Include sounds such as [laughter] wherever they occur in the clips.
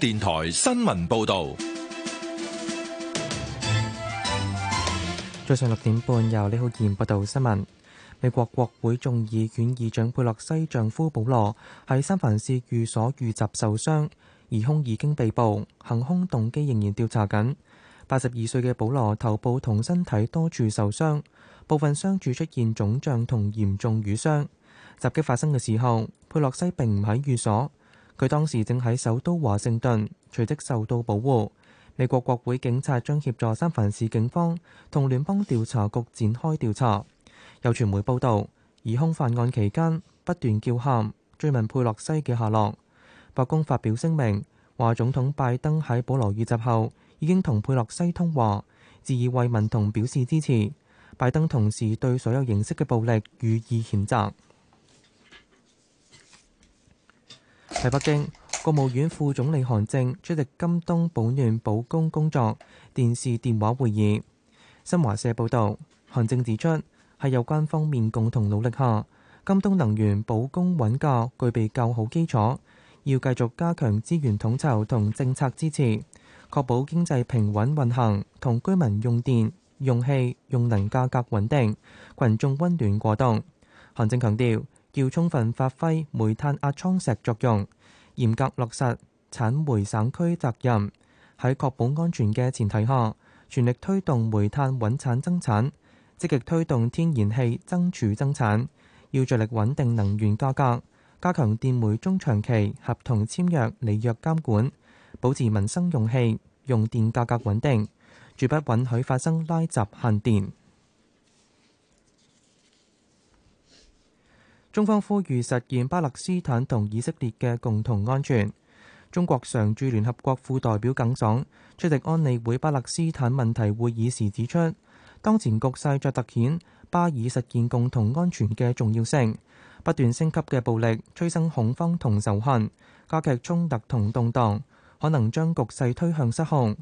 電台新聞報道：早上六點半，由李浩賢報道新聞。美國國會眾議院議長佩洛西丈夫保羅喺三藩市寓所遇襲受傷，疑兇已經被捕，行兇動機仍然調查緊。八十二歲嘅保羅頭部同身體多處受傷，部分傷處出現腫脹同嚴重瘀傷。襲擊發生嘅時候，佩洛西並唔喺寓所。佢當時正喺首都華盛頓，隨即受到保護。美國國會警察將協助三藩市警方同聯邦調查局展開調查。有傳媒報道，疑兇犯案期間不斷叫喊，追問佩洛西嘅下落。白宮發表聲明，話總統拜登喺保羅遇襲後已經同佩洛西通話，致以慰問同表示支持。拜登同時對所有形式嘅暴力予以譴責。喺北京，國務院副總理韓正出席今冬保暖保供工，工作電視電話會議。新華社報道，韓正指出，喺有關方面共同努力下，今冬能源保供穩價具備較好基礎，要繼續加強資源統籌同政策支持，確保經濟平穩運行同居民用電、用氣、用能價格穩定，群眾温暖過冬。韓正強調。要充分發揮煤炭壓艙石作用，嚴格落實產煤省區責任，喺確保安全嘅前提下，全力推動煤炭穩產增產，積極推動天然氣增儲增產。要着力穩定能源價格，加強電煤中長期合同簽約、履約監管，保持民生用氣、用電價格穩定，絕不允許發生拉閘限電。中方呼籲實現巴勒斯坦同以色列嘅共同安全。中國常駐聯合國副代表耿爽出席安理會巴勒斯坦問題會議時指出，當前局勢在突顯巴以實現共同安全嘅重要性。不斷升級嘅暴力催生恐慌同仇恨，加劇衝突同動盪，可能將局勢推向失控。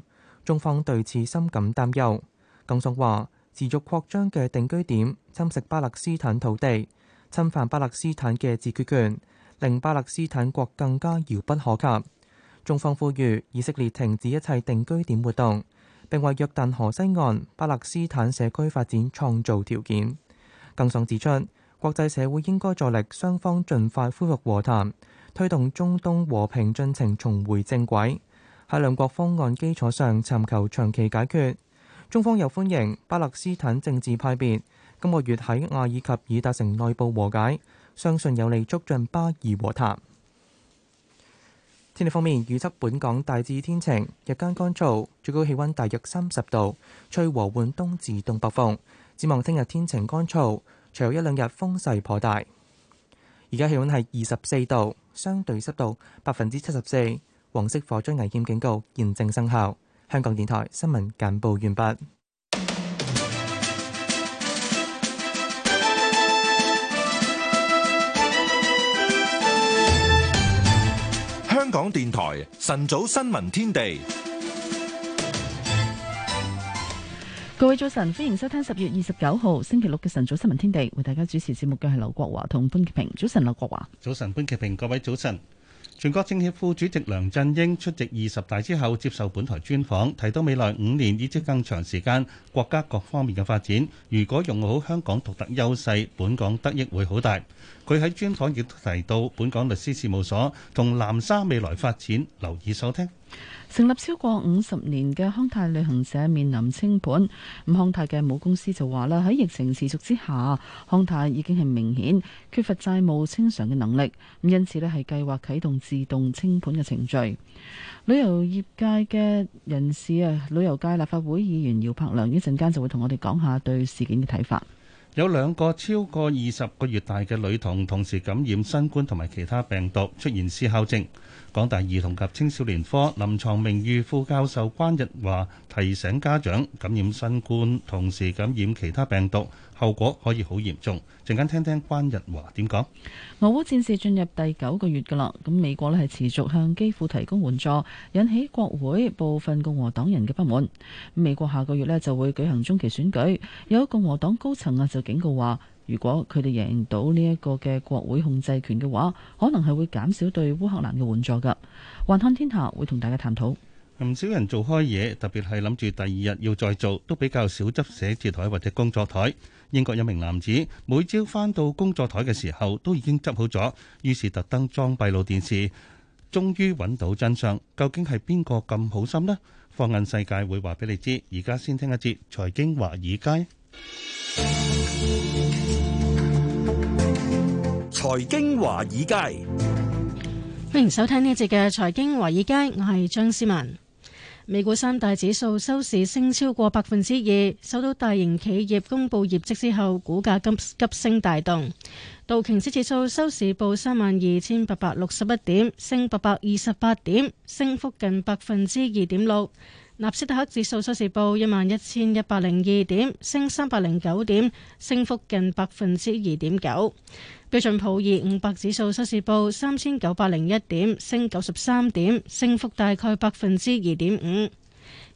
中方對此深感擔憂。耿爽話：持續擴張嘅定居點侵蝕巴勒斯坦土地，侵犯巴勒斯坦嘅自決權，令巴勒斯坦國更加遙不可及。中方呼籲以色列停止一切定居點活動，並為約旦河西岸巴勒斯坦社區發展創造條件。耿爽指出，國際社會應該助力雙方盡快恢復和談，推動中東和平進程重回正軌，喺兩國方案基礎上尋求長期解決，中方又歡迎巴勒斯坦政治派別。今個月喺阿爾及爾達成內部和解，相信有利促進巴以和談。天氣方面預測本港大致天晴，日間乾燥，最高氣温大約三十度，吹和緩東至東北風。展望聽日天晴乾燥，隨後一兩日風勢頗大。而家氣温係二十四度，相對濕度百分之七十四，黃色火災危險警告現正生效。香港電台新聞簡報完畢。香港電台晨早新聞天地，各位早晨，歡迎收聽十月二十九號星期六嘅晨早新聞天地，為大家主持節目嘅係劉國華同潘潔平。早晨，劉國華，早晨，潘潔平，各位早晨。全國政協副主席梁振英出席二十大之後接受本台專訪，提到未來五年以至更長時間國家各方面嘅發展，如果用好香港獨特優勢，本港得益會好大。佢喺專訪亦提到本港律師事務所同南沙未來發展，留意收聽。成立超過五十年嘅康泰旅行社面臨清盤，咁康泰嘅母公司就話啦，喺疫情持續之下，康泰已經係明顯缺乏債務清償嘅能力，咁因此呢係計劃啟動自動清盤嘅程序。旅遊業界嘅人士啊，旅遊界立法會議員姚柏良一陣間就會同我哋講下對事件嘅睇法。有兩個超過二十個月大嘅女童同時感染新冠同埋其他病毒，出現思考症。港大兒童及青少年科臨床名譽副教授關日華提醒家長，感染新冠同時感染其他病毒，後果可以好嚴重。陣間聽聽關日華點講。俄烏戰事進入第九個月㗎啦，咁美國呢係持續向基庫提供援助，引起國會部分共和黨人嘅不滿。美國下個月呢就會舉行中期選舉，有共和黨高層啊就警告話，如果佢哋贏到呢一個嘅國會控制權嘅話，可能係會減少對烏克蘭嘅援助㗎。環看天下會同大家探討。唔少人做開嘢，特別係諗住第二日要再做，都比較少執寫字台或者工作台。英國一名男子每朝翻到工作台嘅時候，都已經執好咗，於是特登裝閉路電視，終於揾到真相。究竟係邊個咁好心呢？放眼世界會話俾你知。而家先聽一節財經華爾街。財經華爾街，歡迎收聽呢一節嘅財經華爾街，我係張思文。美股三大指數收市升超過百分之二，受到大型企業公布業績之後，股價急急升帶動。道瓊斯指數收市報三萬二千八百六十一點，升八百二十八點，升幅近百分之二點六。納斯達克指數收市報一萬一千一百零二點，升三百零九點，升幅近百分之二點九。標準普爾五百指數收市報三千九百零一點，升九十三點，升幅大概百分之二點五。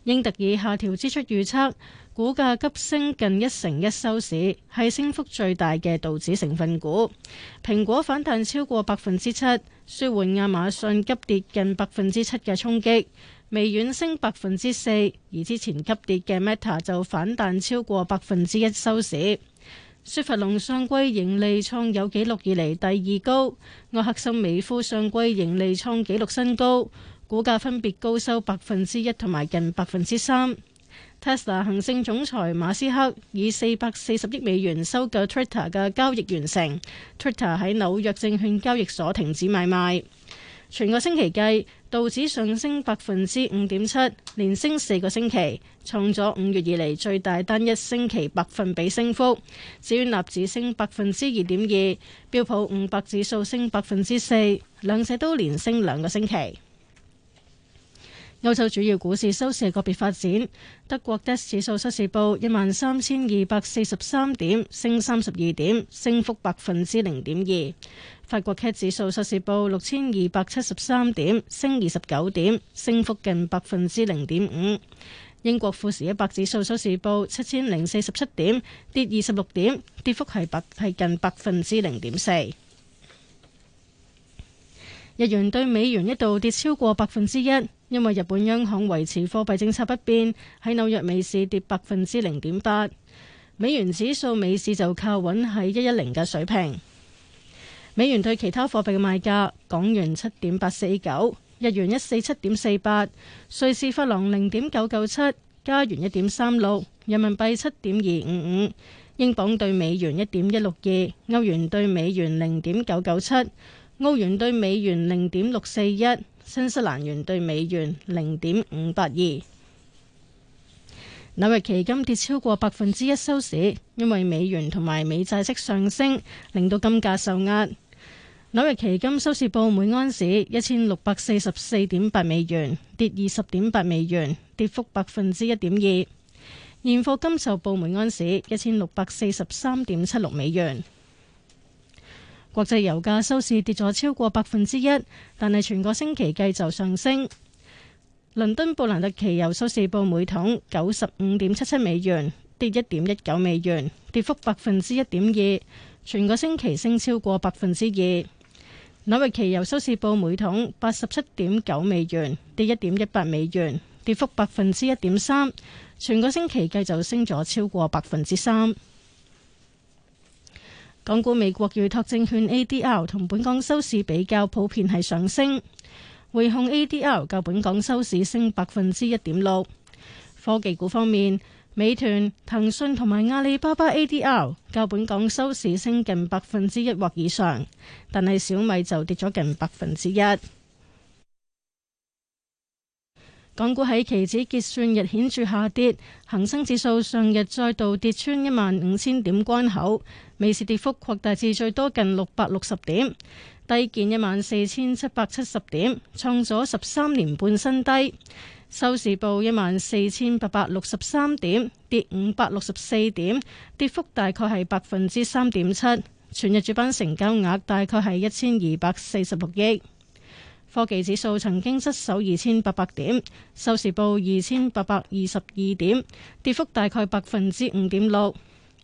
英特爾下調支出預測，股價急升近一成一收市，係升幅最大嘅道指成分股。蘋果反彈超過百分之七，舒緩亞馬遜急跌近百分之七嘅衝擊。微軟升百分之四，而之前急跌嘅 Meta 就反彈超過百分之一收市。雪佛龍上季盈利創有紀錄以嚟第二高，埃克森美孚上季盈利創紀錄新高，股價分別高收百分之一同埋近百分之三。Tesla 行政總裁馬斯克以四百四十億美元收購 Twitter 嘅交易完成，Twitter 喺紐約證券交易所停止買賣。全個星期計，道指上升百分之五點七，連升四個星期，創咗五月以嚟最大單一星期百分比升幅。至於納指升百分之二點二，標普五百指數升百分之四，兩者都連升兩個星期。歐洲主要股市收市個別發展，德國 DAX 指數收市報一萬三千二百四十三點，升三十二點，升幅百分之零點二；法國 CAC 指數收市報六千二百七十三點，升二十九點，升幅近百分之零點五；英國富時一百指數收市報七千零四十七點，跌二十六點，跌幅係百係近百分之零點四。日元對美元一度跌超過百分之一，因為日本央行維持貨幣政策不變，喺紐約美市跌百分之零點八。美元指數美市就靠穩喺一一零嘅水平。美元對其他貨幣嘅賣價：港元七點八四九，日元一四七點四八，瑞士法郎零點九九七，加元一點三六，人民幣七點二五五，英鎊對美元一點一六二，歐元對美元零點九九七。歐元對美元零點六四一，新西蘭元對美元零點五八二。紐約期金跌超過百分之一收市，因為美元同埋美債息上升，令到金價受壓。紐約期金收市報每安士一千六百四十四點八美元，跌二十點八美元，跌幅百分之一點二。現貨金售報每安士一千六百四十三點七六美元。國際油價收市跌咗超過百分之一，但係全個星期計就上升。倫敦布蘭特期油收市報每桶九十五點七七美元，跌一點一九美元，跌幅百分之一點二。全個星期升超過百分之二。紐約期油收市報每桶八十七點九美元，跌一點一八美元，跌幅百分之一點三。全個星期計就升咗超過百分之三。港股美國預託證券 ADR 同本港收市比較普遍係上升，匯控 ADR 較本港收市升百分之一點六。科技股方面，美團、騰訊同埋阿里巴巴 ADR 較本港收市升近百分之一或以上，但係小米就跌咗近百分之一。港股喺期指結算日顯著下跌，恒生指數上日再度跌穿一萬五千點關口。美市跌幅擴大至最多近六百六十點，低見一萬四千七百七十點，創咗十三年半新低。收市報一萬四千八百六十三點，跌五百六十四點，跌幅大概係百分之三點七。全日主板成交額大概係一千二百四十六億。科技指數曾經失守二千八百點，收市報二千八百二十二點，跌幅大概百分之五點六。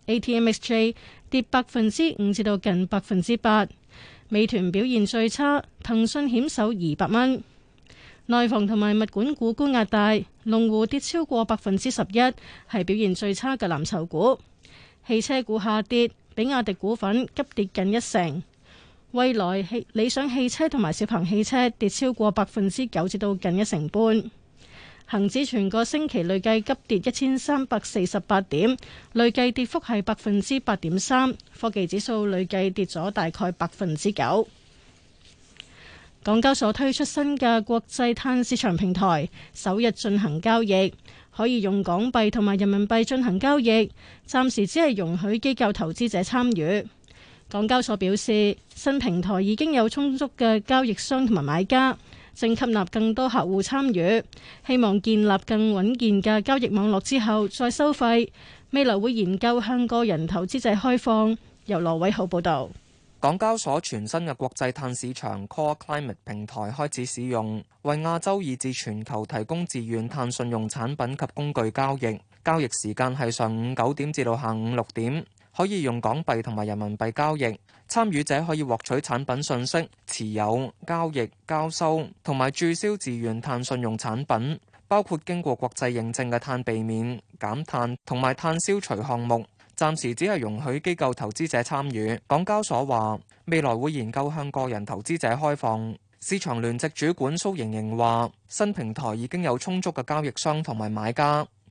A T M S J 跌百分之五至到近百分之八，美團表現最差，騰訊險守二百蚊。內房同埋物管股沽壓大，龍湖跌超過百分之十一，係表現最差嘅藍籌股。汽車股下跌，比亞迪股份急跌近一成，蔚來汽理想汽車同埋小鵬汽車跌超過百分之九至到近一成半。恒指全個星期累計急跌一千三百四十八點，累計跌幅係百分之八點三。科技指數累計跌咗大概百分之九。港交所推出新嘅國際碳市場平台，首日進行交易，可以用港幣同埋人民幣進行交易。暫時只係容許機構投資者參與。港交所表示，新平台已經有充足嘅交易商同埋買家。正吸納更多客戶參與，希望建立更穩健嘅交易網絡之後再收費。未來會研究向個人投資制開放。由羅偉浩報道，港交所全新嘅國際碳市場 Core Climate 平台開始使用，為亞洲以至全球提供自願碳信用產品及工具交易。交易時間係上午九點至到下午六點。可以用港幣同埋人民幣交易，參與者可以獲取產品信息、持有、交易、交收同埋註銷自願碳信用產品，包括經過國際認證嘅碳避免、減碳同埋碳消除項目。暫時只係容許機構投資者參與。港交所話未來會研究向個人投資者開放。市場聯席主管蘇瑩瑩話，新平台已經有充足嘅交易商同埋買家。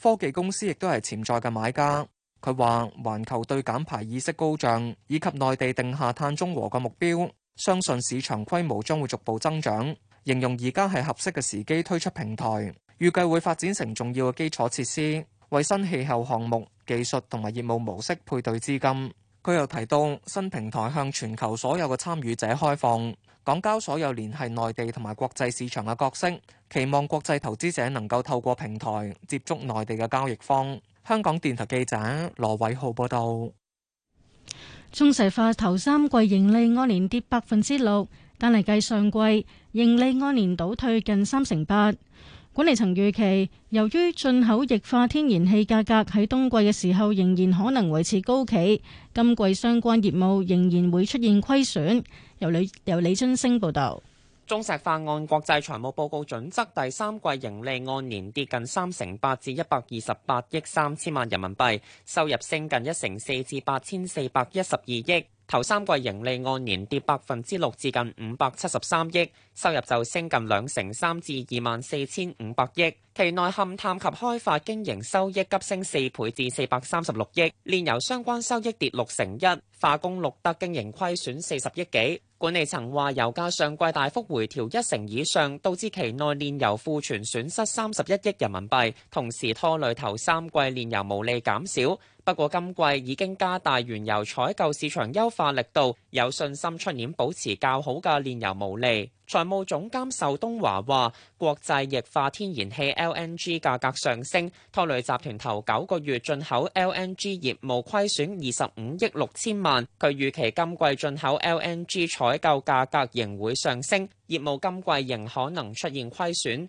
科技公司亦都係潛在嘅買家，佢話環球對減排意識高漲，以及內地定下碳中和嘅目標，相信市場規模將會逐步增長。形容而家係合適嘅時機推出平台，預計會發展成重要嘅基礎設施，為新氣候項目技術同埋業務模式配對資金。佢又提到新平台向全球所有嘅參與者開放。港交所有聯繫內地同埋國際市場嘅角色，期望國際投資者能夠透過平台接觸內地嘅交易方。香港電台記者羅偉浩報道：中石化頭三季盈利按年跌百分之六，但係計上季盈利按年倒退近三成八。管理層預期，由於進口液化天然氣價格喺冬季嘅時候仍然可能維持高企，今季相關業務仍然會出現虧損。由李由李春升報道，中石化按國際財務報告準則第三季盈利按年跌近三成八，至一百二十八億三千萬人民幣；收入升近一成四，至八千四百一十二億。頭三季盈利按年跌百分之六，至近五百七十三億；收入就升近兩成三，至二萬四千五百億。期內勘探及開發經營收益急升四倍至四百三十六億；煉油相關收益跌六成一；化工錄得經營虧損四十億幾。管理層話，油價上季大幅回調一成以上，導致期內煉油庫存損失三十一億人民幣，同時拖累頭三季煉油毛利減少。不過今季已經加大原油採購市場優化力度，有信心出年保持較好嘅煉油毛利。財務總監壽東華話，國際液化天然氣 LNG 價格上升，拖累集團頭九個月進口 LNG 業務虧損二十五億六千萬。佢預期今季進口 LNG 採購價格仍會上升，業務今季仍可能出現虧損。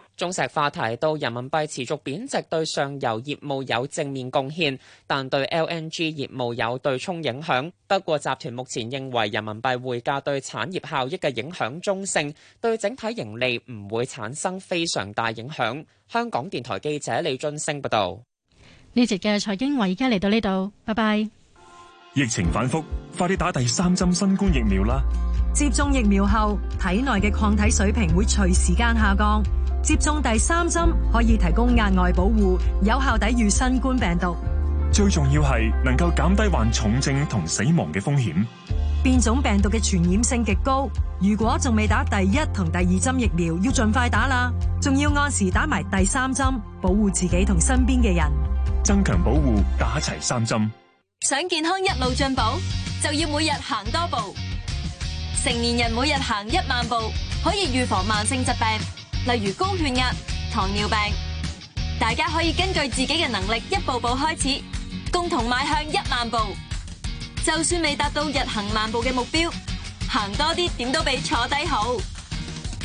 中石化提到，人民幣持續貶值對上游業務有正面貢獻，但對 LNG 業務有對沖影響。不過集團目前認為人民幣匯價對產業效益嘅影響中性，對整體盈利唔會產生非常大影響。香港電台記者李俊升報道。呢節嘅財經話，而家嚟到呢度，拜拜。疫情反復，快啲打第三針新冠疫苗啦！接種疫苗後，體內嘅抗體水平會隨時間下降。接種第三針可以提供額外保護，有效抵禦新冠病毒。最重要係能夠減低患重症同死亡嘅風險。變種病毒嘅傳染性極高，如果仲未打第一同第二針疫苗，要盡快打啦。仲要按時打埋第三針，保護自己同身邊嘅人，增強保護，打齊三針。想健康一路進步，就要每日行多步。成年人每日行一萬步，可以預防慢性疾病。例如高血壓、糖尿病，大家可以根據自己嘅能力一步步開始，共同邁向一萬步。就算未達到日行萬步嘅目標，行多啲點都比坐低好。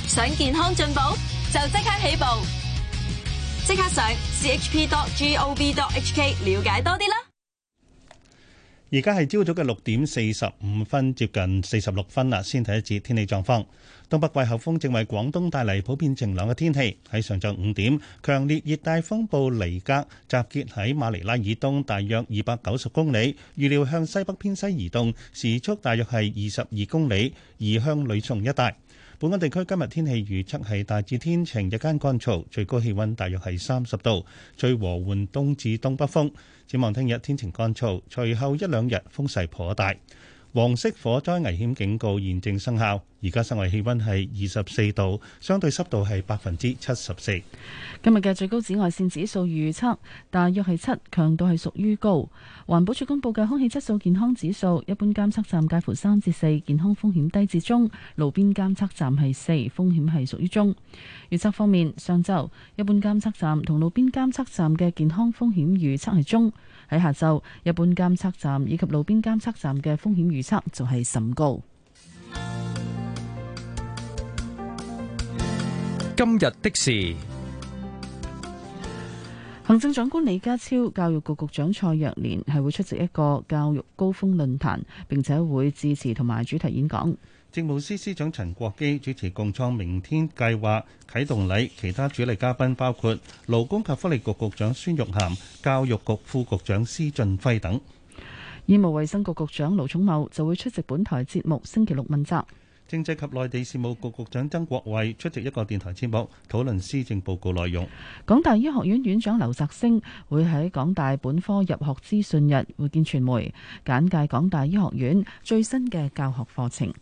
想健康進步，就即刻起步，即刻上 chp.gov.hk 了解多啲啦。而家係朝早嘅六點四十五分，接近四十六分啦，先睇一節天氣狀況。東北季候風正為廣東帶嚟普遍晴朗嘅天氣。喺上晝五點，強烈熱帶風暴尼格集結喺馬尼拉以東大約二百九十公里，預料向西北偏西移動，時速大約係二十二公里，移向呂宋一帶。本港地區今日天氣預測係大致天晴，日間乾燥，最高氣溫大約係三十度，吹和緩東至東北風。展望聽日天、天、天晴乾燥，隨後一兩日風勢頗大。黃色火災危險警告現正生效，而家室外氣溫係二十四度，相對濕度係百分之七十四。今日嘅最高紫外線指數預測大約係七，強度係屬於高。環保署公布嘅空氣質素健康指數，一般監測站介乎三至四，健康風險低至中；路邊監測站係四，風險係屬於中。預測方面，上晝一般監測站同路邊監測站嘅健康風險預測係中；喺下晝，一般監測站以及路邊監測站嘅風險預測就係甚高。今日的事。行政長官李家超、教育局局長蔡若蓮係會出席一個教育高峰論壇，並且會致辭同埋主題演講。政務司司長陳國基主持共創明天計劃啟動禮，其他主力嘉賓包括勞工及福利局局，局長孫玉菡、教育局副局長施俊輝等。醫務衛生局局長盧寵茂就會出席本台節目星期六問責。政制及內地事務局局長曾國衛出席一個電台節目，討論施政報告內容。港大醫學院院長劉澤星會喺港大本科入學資訊日會見傳媒，簡介港大醫學院最新嘅教學課程。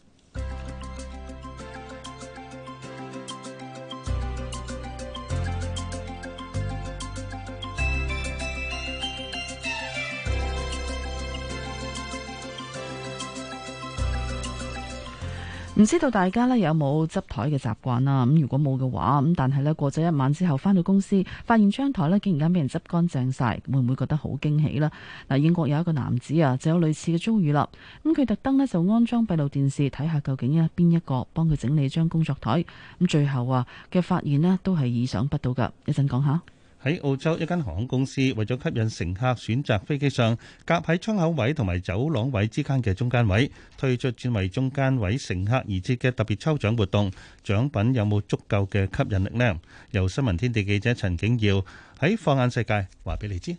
唔知道大家咧有冇執台嘅習慣啦？咁如果冇嘅話，咁但係咧過咗一晚之後翻到公司，發現張台咧竟然間俾人執乾淨晒，會唔會覺得好驚喜呢？嗱，英國有一個男子啊，就有類似嘅遭遇啦。咁佢特登咧就安裝閉路電視，睇下究竟咧邊一個幫佢整理張工作台。咁最後啊嘅發現咧都係意想不到噶。一陣講下。喺澳洲一間航空公司為咗吸引乘客選擇飛機上夾喺窗口位同埋走廊位之間嘅中間位，推出專為中間位乘客而設嘅特別抽獎活動，獎品有冇足夠嘅吸引力呢？由新聞天地記者陳景耀喺放眼世界話俾你知。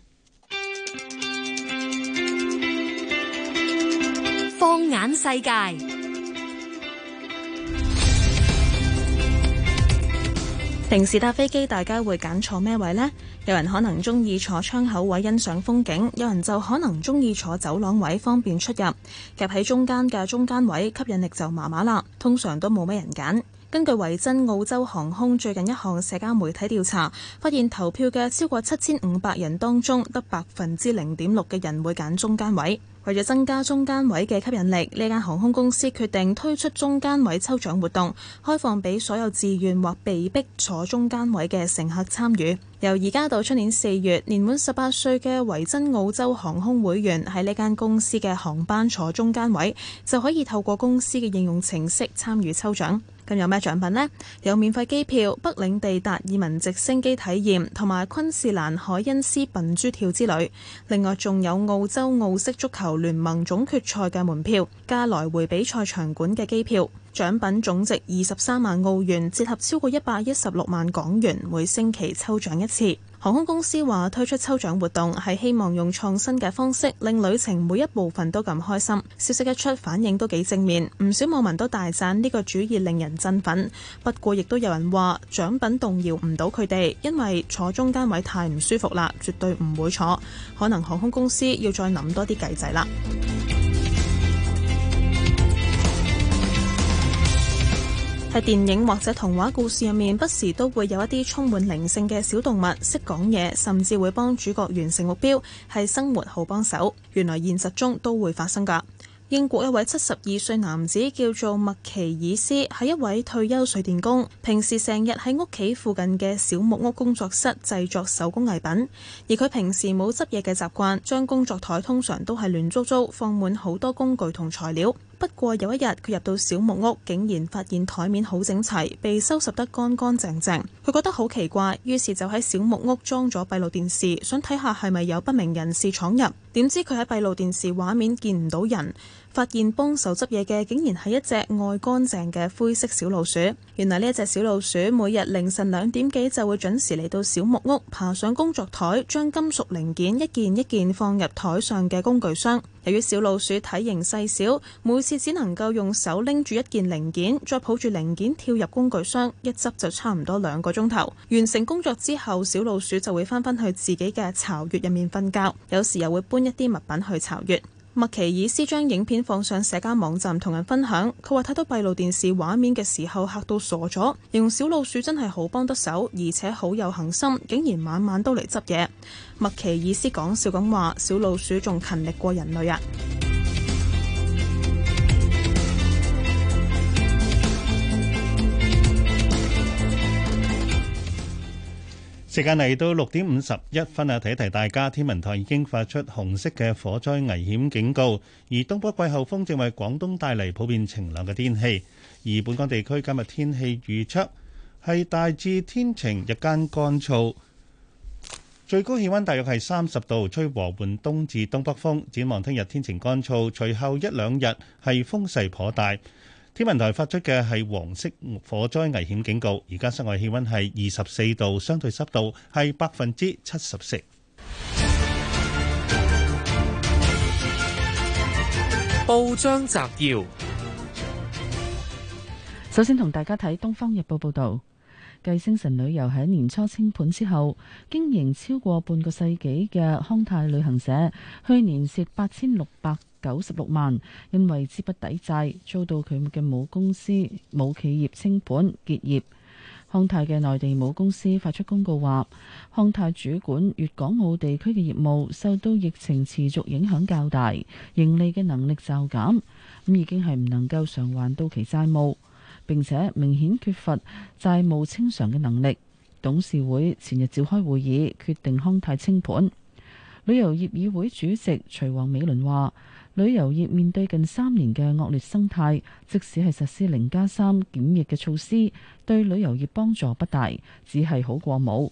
放眼世界。平時搭飛機，大家會揀坐咩位呢？有人可能中意坐窗口位欣賞風景，有人就可能中意坐走廊位方便出入。夾喺中間嘅中間位吸引力就麻麻啦，通常都冇咩人揀。根據維珍澳洲航空最近一項社交媒體調查，發現投票嘅超過七千五百人當中，得百分之零點六嘅人會揀中間位。為咗增加中間位嘅吸引力，呢間航空公司決定推出中間位抽獎活動，開放俾所有自願或被逼坐中間位嘅乘客參與。由而家到出年四月，年滿十八歲嘅維珍澳洲航空會員喺呢間公司嘅航班坐中間位，就可以透過公司嘅應用程式參與抽獎。咁有咩獎品呢？有免費機票、北領地達爾文直升機體驗同埋昆士蘭凱恩斯笨豬跳之旅。另外仲有澳洲澳式足球聯盟總決賽嘅門票加來回比賽場館嘅機票，獎品總值二十三萬澳元，折合超過一百一十六萬港元。每星期抽獎一次。航空公司話推出抽獎活動係希望用創新嘅方式令旅程每一部分都咁開心。消息一出反應都幾正面，唔少網民都大讚呢個主意令人振奮。不過亦都有人話獎品動搖唔到佢哋，因為坐中間位太唔舒服啦，絕對唔會坐。可能航空公司要再諗多啲計仔啦。喺電影或者童話故事入面，不時都會有一啲充滿靈性嘅小動物，識講嘢，甚至會幫主角完成目標，係生活好幫手。原來現實中都會發生噶。英國一位七十二歲男子叫做麥奇爾斯，係一位退休水電工，平時成日喺屋企附近嘅小木屋工作室製作手工藝品。而佢平時冇執嘢嘅習慣，將工作台通常都係亂糟糟，放滿好多工具同材料。不過有一日，佢入到小木屋，竟然發現台面好整齊，被收拾得乾乾淨淨。佢覺得好奇怪，於是就喺小木屋裝咗閉路電視，想睇下係咪有不明人士闖入。點知佢喺閉路電視畫面見唔到人。發現幫手執嘢嘅竟然係一隻愛乾淨嘅灰色小老鼠。原來呢一隻小老鼠每日凌晨兩點幾就會準時嚟到小木屋，爬上工作台，將金屬零件一件一件一件放入台上嘅工具箱。由於小老鼠體型細小，每次只能夠用手拎住一件零件，再抱住零件跳入工具箱，一執就差唔多兩個鐘頭。完成工作之後，小老鼠就會返返去自己嘅巢穴入面瞓覺，有時又會搬一啲物品去巢穴。麥奇爾斯將影片放上社交網站同人分享，佢話睇到閉路電視畫面嘅時候吓到傻咗，形容小老鼠真係好幫得手，而且好有恒心，竟然晚晚都嚟執嘢。麥奇爾斯講笑咁話，小老鼠仲勤力過人類啊！時間嚟到六點五十一分啊！提一提大家，天文台已經發出紅色嘅火災危險警告，而東北季候風正為廣東帶嚟普遍晴朗嘅天氣。而本港地區今日天氣預測係大致天晴，日間乾燥，最高氣溫大約係三十度，吹和緩東至東北風。展望聽日天晴乾燥，隨後一兩日係風勢頗大。天文台發出嘅係黃色火災危險警告，而家室外氣溫係二十四度，相對濕度係百分之七十四。報章摘要：首先同大家睇《東方日報》報道，繼星晨旅遊喺年初清盤之後，經營超過半個世紀嘅康泰旅行社，去年蝕八千六百。九十六萬，因為資不抵債，遭到佢嘅母公司母企業清盤結業。康泰嘅內地母公司發出公告話，康泰主管粵港澳地區嘅業務受到疫情持續影響較大，盈利嘅能力驟減，咁已經係唔能夠償還到期債務，並且明顯缺乏債務清償嘅能力。董事會前日召開會議，決定康泰清盤。旅遊業議會主席徐王美倫話。旅遊業面對近三年嘅惡劣生態，即使係實施零加三檢疫嘅措施，對旅遊業幫助不大，只係好過冇。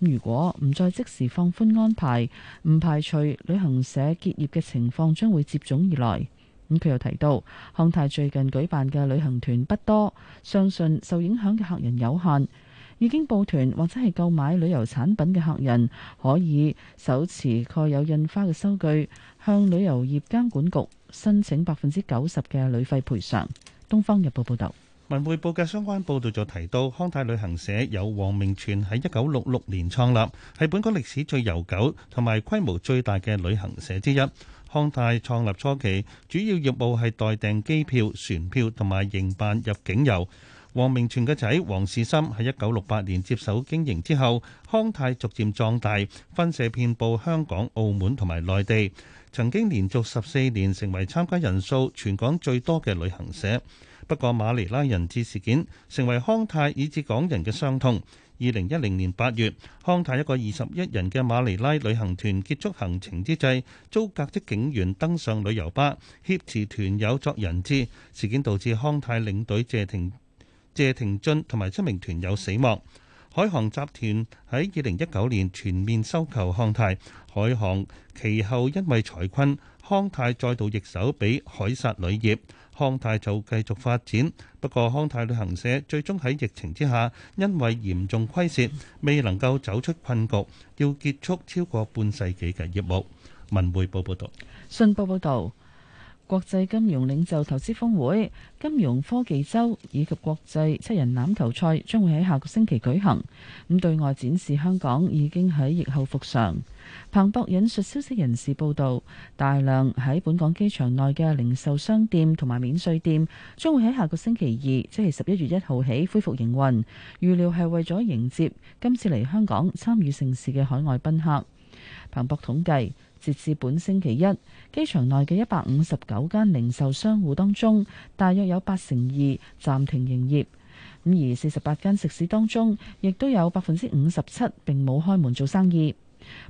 如果唔再即時放寬安排，唔排除旅行社結業嘅情況將會接踵而來。咁、嗯、佢又提到，康泰最近舉辦嘅旅行團不多，相信受影響嘅客人有限。已經報團或者係購買旅遊產品嘅客人，可以手持蓋有印花嘅收據，向旅遊業監管局申請百分之九十嘅旅費賠償。東方日報報道，文匯報嘅相關報道就提到，康泰旅行社由黃明傳喺一九六六年創立，係本港歷史最悠久同埋規模最大嘅旅行社之一。康泰創立初期，主要業務係代訂機票、船票同埋營辦入境遊。黃明荃嘅仔黃士心喺一九六八年接手經營之後，康泰逐漸壯大，分社遍布香港、澳門同埋內地，曾經連續十四年成為參加人數全港最多嘅旅行社。不過馬尼拉人質事件成為康泰以至港人嘅傷痛。二零一零年八月，康泰一個二十一人嘅馬尼拉旅行團結束行程之際，遭革職警員登上旅遊巴，挾持團友作人質，事件導致康泰領隊謝霆謝廷駿同埋七名團友死亡。海航集團喺二零一九年全面收購康泰，海航其後因為財困，康泰再度易手俾海沙旅業，康泰就繼續發展。不過康泰旅行社最終喺疫情之下，因為嚴重虧蝕，未能夠走出困局，要結束超過半世紀嘅業務。文匯報報道，信報報道。國際金融領袖投資峰會、金融科技周以及國際七人欖球賽將會喺下個星期舉行。咁對外展示香港已經喺疫後復常。彭博引述消息人士報道，大量喺本港機場內嘅零售商店同埋免稅店將會喺下個星期二，即係十一月一號起恢復營運。預料係為咗迎接今次嚟香港參與盛事嘅海外賓客。彭博統計。截至本星期一，機場內嘅一百五十九間零售商戶當中，大約有八成二暫停營業。咁而四十八間食肆當中，亦都有百分之五十七並冇開門做生意。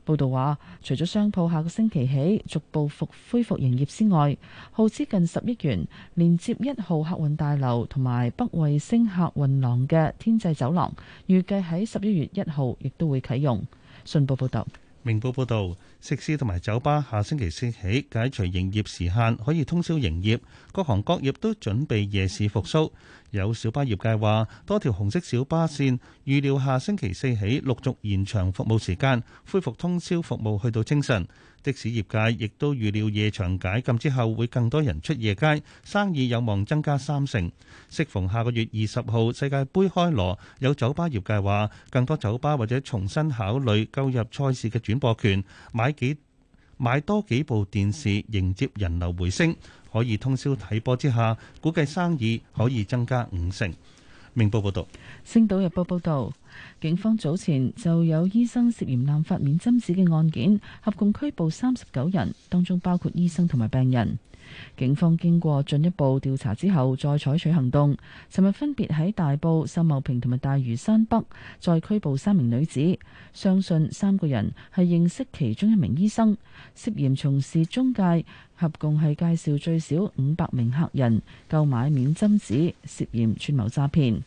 報道話，除咗商鋪下個星期起逐步復恢復營業之外，耗資近十億元連接一號客運大樓同埋北衛星客運廊嘅天際走廊，預計喺十一月一號亦都會啟用。信報報導。明報報導，食肆同埋酒吧下星期四起解除營業時限，可以通宵營業。各行各業都準備夜市復甦，有小巴業界話，多條紅色小巴線，預料下星期四起陸續延長服務時間，恢復通宵服務去到清晨。的士業界亦都預料夜場解禁之後會更多人出夜街，生意有望增加三成。適逢下個月二十號世界盃開鑼，有酒吧業界話，更多酒吧或者重新考慮購入賽事嘅轉播權，買幾買多幾部電視迎接人流回升，可以通宵睇波之下，估計生意可以增加五成。明報報道。星島日報報導。警方早前就有醫生涉嫌濫發免針紙嘅案件，合共拘捕三十九人，當中包括醫生同埋病人。警方經過進一步調查之後，再採取行動。尋日分別喺大埔秀茂坪、同埋大嶼山北，再拘捕三名女子。相信三個人係認識其中一名醫生，涉嫌從事中介，合共係介紹最少五百名客人購買免針紙，涉嫌串謀，串謀詐騙。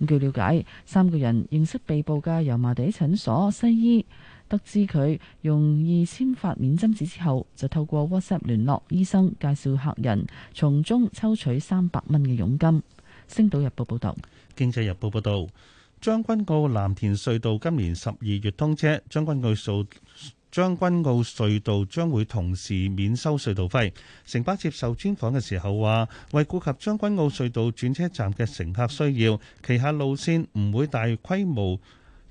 咁據了解，三個人認識被捕嘅油麻地診所西醫。得知佢用二千發免針紙之後，就透過 WhatsApp 聯絡醫生，介紹客人，從中抽取三百蚊嘅佣金。星島日報報導。經濟日報報導，將軍澳藍田隧道今年十二月通車，將軍澳隧道將會同時免收隧道費。城巴接受專訪嘅時候話，為顧及將軍澳隧道轉車站嘅乘客需要，旗下路線唔會大規模。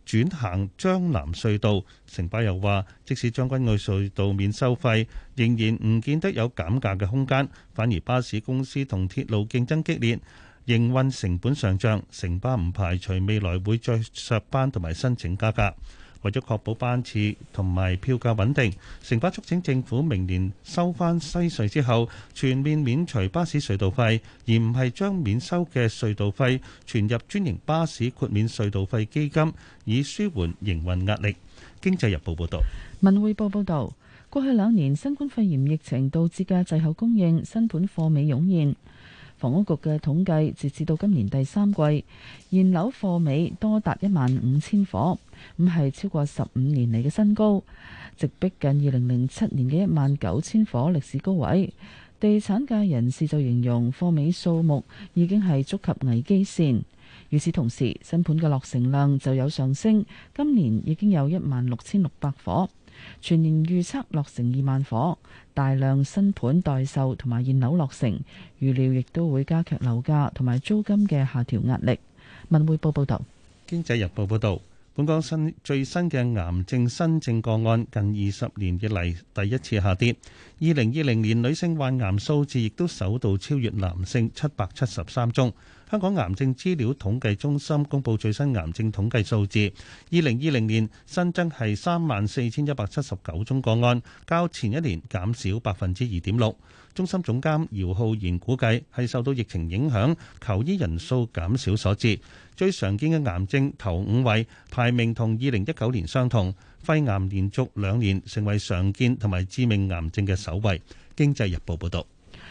轉行將藍隧道，城巴又話，即使將軍澳隧道免收費，仍然唔見得有減價嘅空間，反而巴士公司同鐵路競爭激烈，營運成本上漲，城巴唔排除未來會再削班同埋申請加價。為咗確保班次同埋票價穩定，城巴促請政府明年收返西隧之後，全面免除巴士隧道費，而唔係將免收嘅隧道費存入專營巴士豁免隧道費基金，以舒緩營運壓力。經濟日報報導，文匯報報導，過去兩年新冠肺炎疫情導致嘅滯後供應，新盤貨尾湧現。房屋局嘅統計，截至到今年第三季，現樓貨尾多達一萬五千伙，咁係超過十五年嚟嘅新高，直逼近二零零七年嘅一萬九千伙歷史高位。地產界人士就形容貨尾數目已經係觸及危機線。與此同時，新盤嘅落成量就有上升，今年已經有一萬六千六百伙。全年預測落成二萬伙，大量新盤代售同埋現樓落成，預料亦都會加劇樓價同埋租金嘅下調壓力。文匯報報道，經濟日報報道，本港新最新嘅癌症新症個案近二十年以嚟第一次下跌，二零二零年女性患癌數字亦都首度超越男性七百七十三宗。香港癌症資料統計中心公布最新癌症統計數字，二零二零年新增係三萬四千一百七十九宗個案，較前一年減少百分之二點六。中心總監姚浩然估計係受到疫情影響，求醫人數減少所致。最常見嘅癌症頭五位排名同二零一九年相同，肺癌連續兩年成為常見同埋致命癌症嘅首位。經濟日報報導。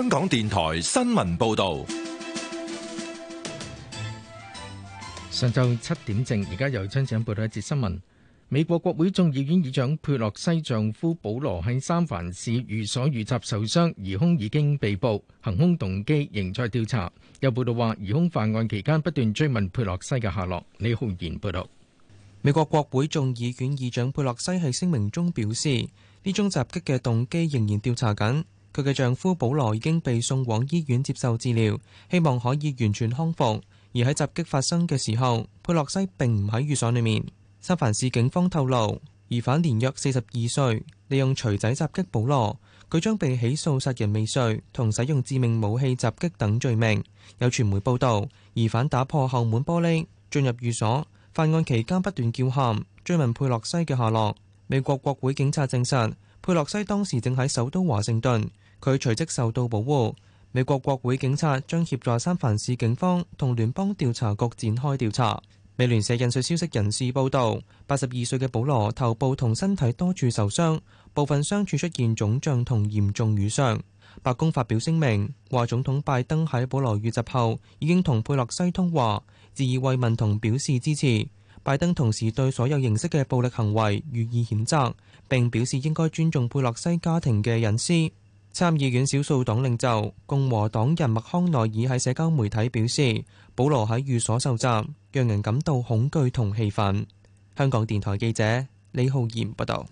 香港電台新聞報道，上晝七點正，而家由張展報道一節新聞。美國國會眾議院議長佩洛西丈夫保羅喺三藩市寓所遇襲受傷，疑兇已經被捕，行兇動機仍在調查。有報道話，疑兇犯案期間不斷追問佩洛西嘅下落。李浩然報道。美國國會眾議院議長佩洛西喺聲明中表示，呢宗襲擊嘅動機仍然調查緊。佢嘅丈夫保羅已經被送往醫院接受治療，希望可以完全康復。而喺襲擊發生嘅時候，佩洛西並唔喺寓所裏面。三藩市警方透露，疑犯年約四十二歲，利用錘仔襲擊保羅，佢將被起訴殺人未遂同使用致命武器襲擊等罪名。有傳媒報道，疑犯打破後門玻璃進入寓所，犯案期間不斷叫喊，追問佩洛西嘅下落。美國國會警察證實。佩洛西當時正喺首都華盛頓，佢隨即受到保護。美國國會警察將協助三藩市警方同聯邦調查局展開調查。美聯社引述消息人士報道，八十二歲嘅保羅頭部同身體多處受傷，部分傷處出現腫脹同嚴重瘀傷。白宮發表聲明話，總統拜登喺保羅遇襲後已經同佩洛西通話，致以慰問同表示支持。拜登同時對所有形式嘅暴力行為予以譴責。並表示應該尊重佩洛西家庭嘅隱私。參議院少數黨領袖共和黨人麥康奈爾喺社交媒體表示，保羅喺寓所受襲，讓人感到恐懼同氣憤。香港電台記者李浩然報道。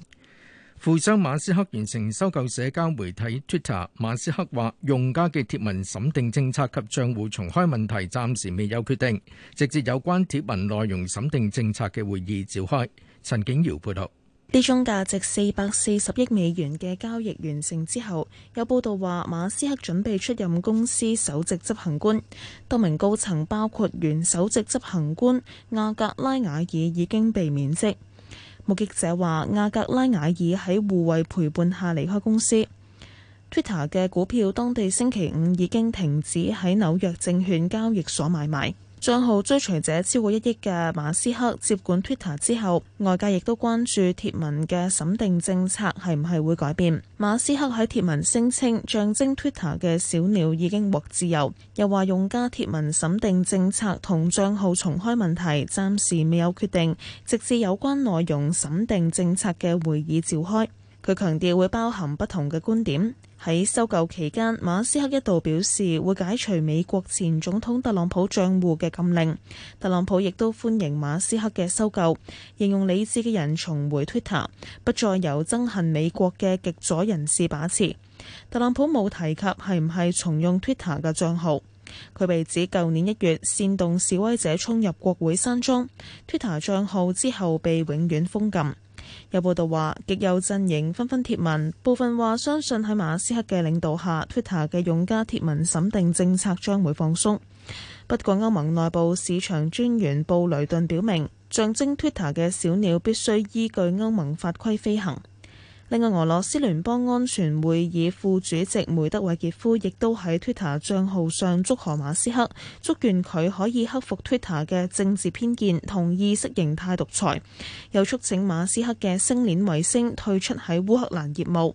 富商馬斯克完成收購社交媒體 Twitter，馬斯克話用家嘅貼文審定政策及賬戶重開問題暫時未有決定，直接有關貼文內容審定政策嘅會議召開。陳景瑤報道。呢宗價值四百四十億美元嘅交易完成之後，有報道話馬斯克準備出任公司首席執行官。多名高層包括原首席執行官亞格拉雅爾已經被免職。目擊者話亞格拉雅爾喺護衛陪伴下離開公司。Twitter 嘅股票當地星期五已經停止喺紐約證券交易所買賣。賬號追隨者超過一億嘅馬斯克接管 Twitter 之後，外界亦都關注貼文嘅審定政策係唔係會改變。馬斯克喺貼文聲稱，象徵 Twitter 嘅小鳥已經獲自由，又話用家貼文審定政策同帳號重開問題暫時未有決定，直至有關內容審定政策嘅會議召開。佢強調會包含不同嘅觀點。喺收購期間，馬斯克一度表示會解除美國前總統特朗普帳戶嘅禁令。特朗普亦都歡迎馬斯克嘅收購，形容理智嘅人重回 Twitter，不再由憎恨美國嘅極左人士把持。特朗普冇提及係唔係重用 Twitter 嘅帳號。佢被指舊年一月煽動示威者衝入國會山莊，Twitter 帳號之後被永遠封禁。有報道話，極右陣營紛紛貼文，部分話相信喺馬斯克嘅領導下，Twitter 嘅用家貼文審定政策將會放鬆。不過，歐盟內部市場專員布雷頓表明，象徵 Twitter 嘅小鳥必須依據歐盟法規飛行。另外，俄羅斯聯邦安全會議副主席梅德韋傑夫亦都喺 Twitter 帳號上祝賀馬斯克，祝願佢可以克服 Twitter 嘅政治偏見，同意識形態獨裁，又促請馬斯克嘅星鏈衛星退出喺烏克蘭業務。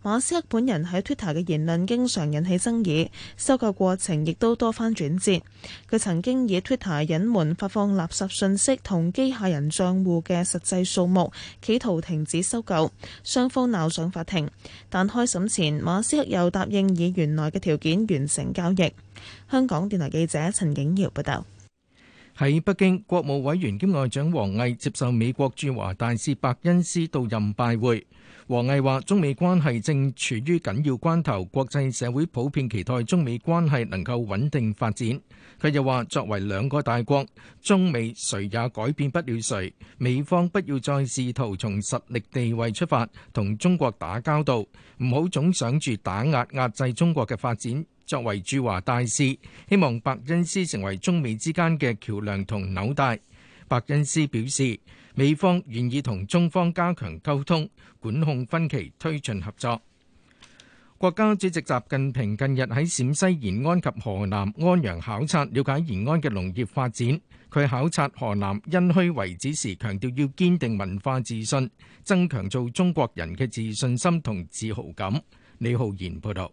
馬斯克本人喺 Twitter 嘅言論經常引起爭議，收購過程亦都多番轉折。佢曾經以 Twitter 隱瞞發放垃圾信息同機械人賬戶嘅實際數目，企圖停止收購，雙方鬧上法庭。但開審前，馬斯克又答應以原來嘅條件完成交易。香港電台記者陳景堯報道。喺北京，國務委員兼外長王毅接受美國駐華大使白恩斯到任拜會。王毅話：中美關係正處於緊要關頭，國際社會普遍期待中美關係能夠穩定發展。佢又話：作為兩個大國，中美誰也改變不了誰。美方不要再試圖從實力地位出發同中國打交道，唔好總想住打壓壓制中國嘅發展。作為駐華大使，希望白恩斯成為中美之間嘅橋梁同紐帶。白恩斯表示：美方願意同中方加強溝通、管控分歧、推進合作。國家主席習近平近日喺陝西延安及河南安陽考察，了解延安嘅農業發展。佢考察河南殷墟遺址時，強調要堅定文化自信，增強做中國人嘅自信心同自豪感。李浩然報道：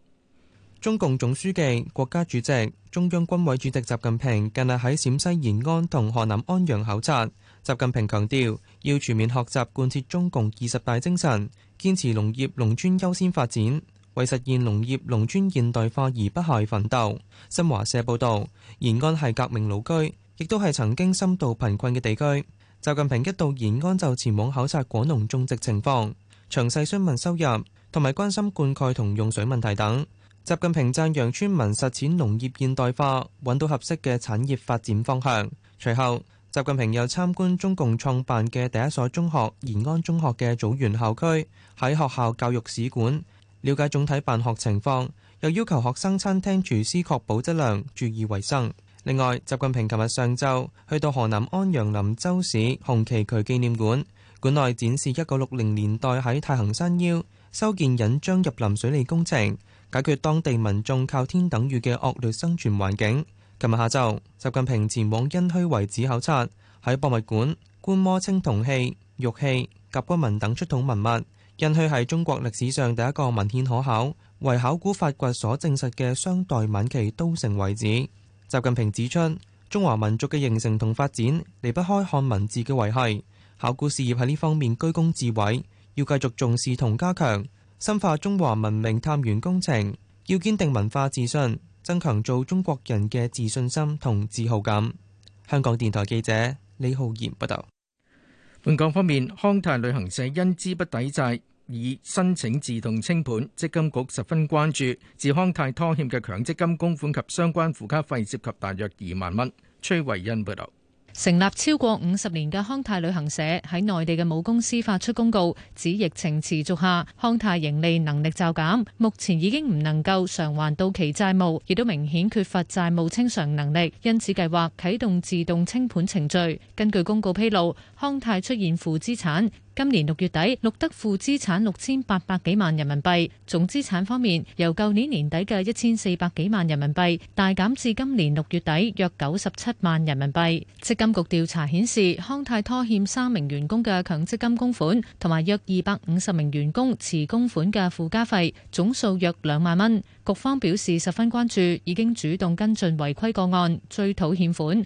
中共總書記、國家主席、中央軍委主席習近平近日喺陝西延安同河南安陽考察。習近平強調，要全面學習貫徹中共二十大精神，堅持農業、農村優先發展，為實現農業、農村現代化而不懈奮鬥。新華社報道，延安係革命老區，亦都係曾經深度貧困嘅地區。習近平一到延安就前往考察果農種植情況，詳細詢問收入，同埋關心灌溉同用水問題等。習近平讚揚村民實踐農業現代化，揾到合適嘅產業發展方向。隨後，習近平又參觀中共創辦嘅第一所中學延安中學嘅棗園校區，喺學校教育史館了解總體辦學情況，又要求學生餐廳廚師確保質量、注意衛生。另外，習近平琴日上晝去到河南安陽林州市紅旗渠紀念館，館，館內展示一九六零年代喺太行山腰修建引漳入林水利工程，解決當地民眾靠天等雨嘅惡劣生存環境。琴日下晝，習近平前往殷墟遺址考察，喺博物館觀摩青銅器、玉器、甲骨文等出土文物。殷墟係中國歷史上第一個文獻可考、為考古發掘所證實嘅商代晚期都城遺址。習近平指出，中華民族嘅形成同發展，離不開漢文字嘅維繫，考古事業喺呢方面居功至偉，要繼續重視同加強，深化中華文明探源工程，要堅定文化自信，增強做中國人嘅自信心同自豪感。香港電台記者李浩然報道。本港方面，康泰旅行社因資不抵債，已申請自動清盤，積金局十分關注。自康泰拖欠嘅強積金供款及相關附加費，涉及大約二萬蚊。崔維恩報道。成立超過五十年嘅康泰旅行社喺內地嘅母公司發出公告，指疫情持續下，康泰盈利能力驟減，目前已經唔能夠償還到期債務，亦都明顯缺乏債務清償能力，因此計劃啟動自動清盤程序。根據公告披露，康泰出現負資產。今年六月底，錄得負資產六千八百幾萬人民幣，總資產方面由舊年年底嘅一千四百幾萬人民幣，大減至今年六月底約九十七萬人民幣。積金局調查顯示，康泰拖欠三名員工嘅強積金供款，同埋約二百五十名員工遲供款嘅附加費，總數約兩萬蚊。局方表示十分關注，已經主動跟進違規個案，追討欠款。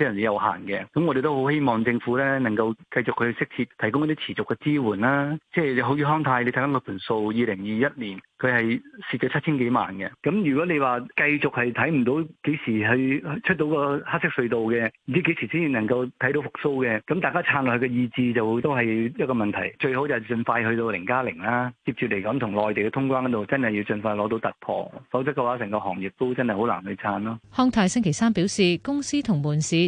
非常之有限嘅，咁我哋都好希望政府咧，能夠繼續去適切提供一啲持續嘅支援啦。即係好似康泰，你睇翻個盤數，二零二一年佢係蝕咗七千幾萬嘅。咁如果你話繼續係睇唔到幾時去出到個黑色隧道嘅，唔知幾時先至能夠睇到復蘇嘅，咁大家撐落去嘅意志就都係一個問題，最好就係盡快去到零加零啦，接住嚟咁同內地嘅通關嗰度，真係要盡快攞到突破，否則嘅話成個行業都真係好難去撐咯。康泰星期三表示，公司同門市。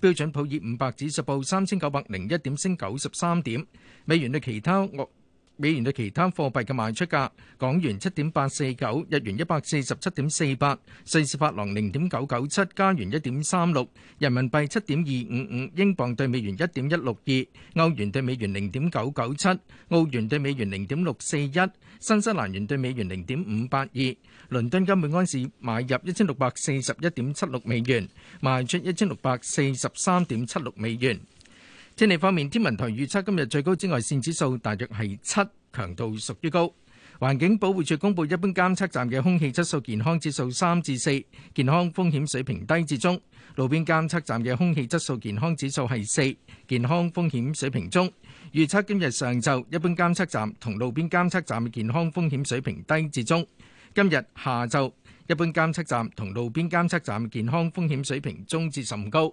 標準普爾五百指數報三千九百零一點，升九十三點，美元兌其他美元對其他貨幣嘅賣出價：港元七點八四九，日元一百四十七點四八，瑞士法郎零點九九七，加元一點三六，人民幣七點二五五，英鎊對美元一點一六二，歐元對美元零點九九七，澳元對美元零點六四一，新西蘭元對美元零點五八二。倫敦金每安士買入一千六百四十一點七六美元，賣出一千六百四十三點七六美元。天氣方面，天文台預測今日最高紫外綫指數大約係七，強度屬於高。環境保護署公布一般監測站嘅空氣質素健康指數三至四，健康風險水平低至中；路邊監測站嘅空氣質素健康指數係四，健康風險水平中。預測今日上晝一般監測站同路邊監測站嘅健康風險水平低至中；今日下晝一般監測站同路邊監測站嘅健康風險水平中至甚高。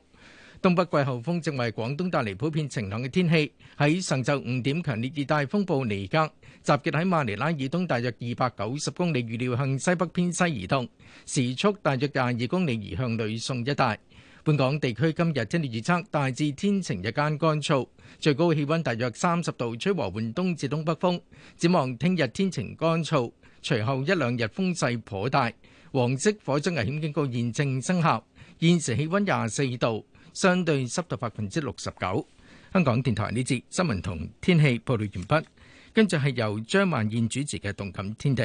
東北季候風正為廣東帶嚟普遍晴朗嘅天氣。喺上晝五點，強烈熱帶風暴尼格集結喺馬尼拉以東，大約二百九十公里，預料向西北偏西移動，時速大約廿二公里，移向呂宋一帶。本港地區今日天氣預測大致天晴，日間乾燥，最高氣温大約三十度，吹和緩東至東北風。展望聽日天晴乾燥，隨後一兩日風勢頗大，黃色火災危險警告現正生效。現時氣温廿四度。相對濕度百分之六十九。香港電台呢節新聞同天氣報道完畢，跟住係由張曼燕主持嘅《動感天地》。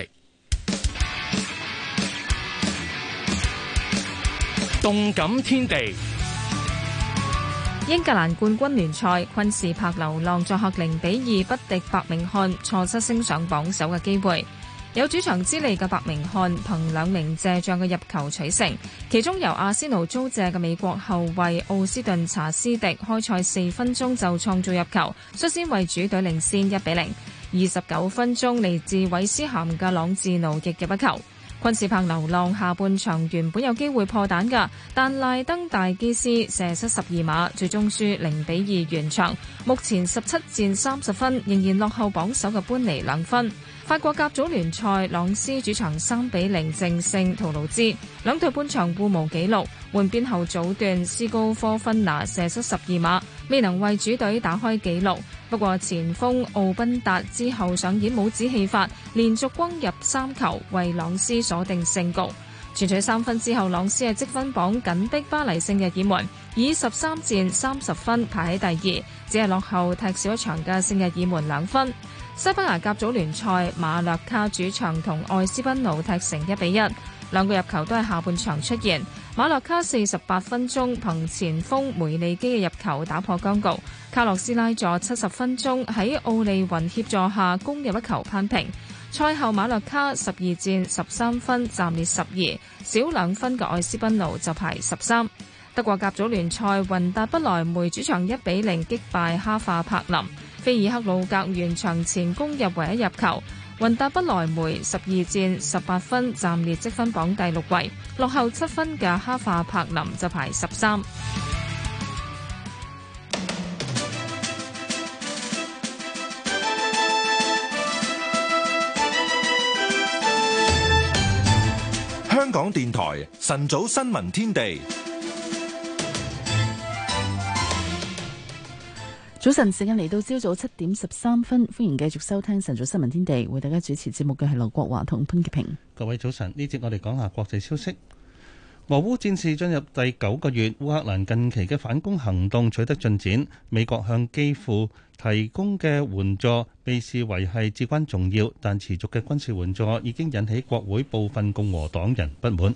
動感天地。英格蘭冠軍聯賽，昆士柏流浪作客零比二不敵伯明翰，錯失升上榜首嘅機會。有主場之利嘅白明翰憑兩名借將嘅入球取勝，其中由阿仙奴租借嘅美國後衛奧斯頓查斯迪開賽四分鐘就創造入球，率先為主隊領先一比零。二十九分鐘，嚟自韋斯咸嘅朗治奴亦入不球，昆士柏流浪下半場原本有機會破蛋嘅，但賴登大基斯射失十二碼，最終輸零比二完場。目前十七戰三十分，仍然落後榜首嘅班尼兩分。法國甲組聯賽，朗斯主場三比零淨勝圖盧茲，兩隊半場互無紀錄。換邊後早段，斯高科芬拿射失十二碼，未能為主隊打開紀錄。不過前鋒奧賓達之後上演帽子戲法，連續攻入三球，為朗斯鎖定勝局。全取三分之後，朗斯嘅積分榜緊逼巴黎聖日耳門，以十三戰三十分排喺第二，只係落後踢少一場嘅聖日耳門兩分。西班牙甲組聯賽馬洛卡主場同愛斯賓奴踢成一比一，兩個入球都係下半場出現。馬洛卡四十八分鐘憑前鋒梅利基嘅入球打破僵局，卡洛斯拉咗七十分鐘喺奧利雲協助下攻入一球扳平。賽後馬洛卡十二戰十三分，暫列十二，少兩分嘅愛斯賓奴就排十三。德國甲組聯賽雲達不來梅主場一比零擊敗哈化柏林。菲爾克魯格完場前攻入唯一入球，雲達不來梅十二戰十八分，暫列積分榜第六位，落後七分嘅哈化柏林就排十三。香港電台晨早新聞天地。早晨，時間嚟到朝早七點十三分，歡迎繼續收聽晨早新聞天地。為大家主持節目嘅係劉國華同潘潔平。各位早晨，呢節我哋講下國際消息。俄烏戰事進入第九個月，烏克蘭近期嘅反攻行動取得進展。美國向基輔提供嘅援助被視為係至關重要，但持續嘅軍事援助已經引起國會部分共和黨人不滿。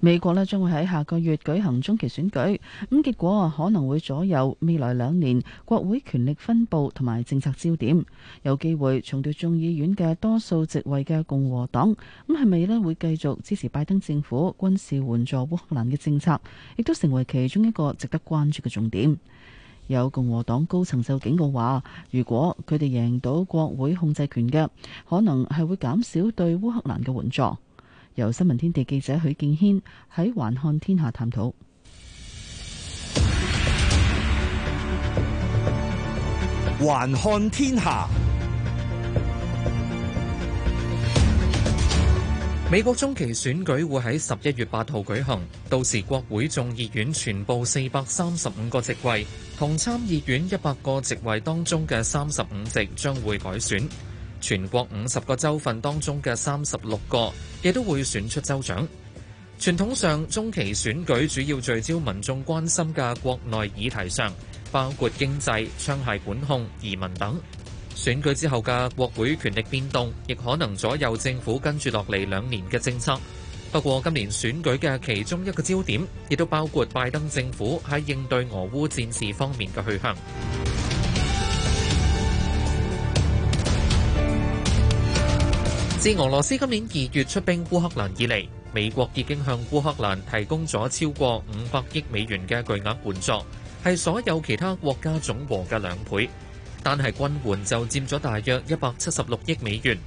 美國呢將會喺下個月舉行中期選舉，咁結果可能會左右未來兩年國會權力分布同埋政策焦點，有機會重奪眾議院嘅多數席位嘅共和黨，咁係咪呢會繼續支持拜登政府軍事援助烏克蘭嘅政策，亦都成為其中一個值得關注嘅重點。有共和黨高層就警告話，如果佢哋贏到國會控制權嘅，可能係會減少對烏克蘭嘅援助。由新聞天地記者許敬軒喺《環看天下》探討《環看天下》。美國中期選舉會喺十一月八號舉行，到時國會眾議院全部四百三十五個席位同參議院一百個席位當中嘅三十五席將會改選。全國五十個州份當中嘅三十六個，亦都會選出州長。傳統上，中期選舉主要聚焦民眾關心嘅國內議題上，包括經濟、槍械管控、移民等。選舉之後嘅國會權力變動，亦可能左右政府跟住落嚟兩年嘅政策。不過，今年選舉嘅其中一個焦點，亦都包括拜登政府喺應對俄烏戰事方面嘅去向。自俄羅斯今年二月出兵烏克蘭以嚟，美國已經向烏克蘭提供咗超過五百億美元嘅巨額援助，係所有其他國家總和嘅兩倍。但係軍援就佔咗大約一百七十六億美元。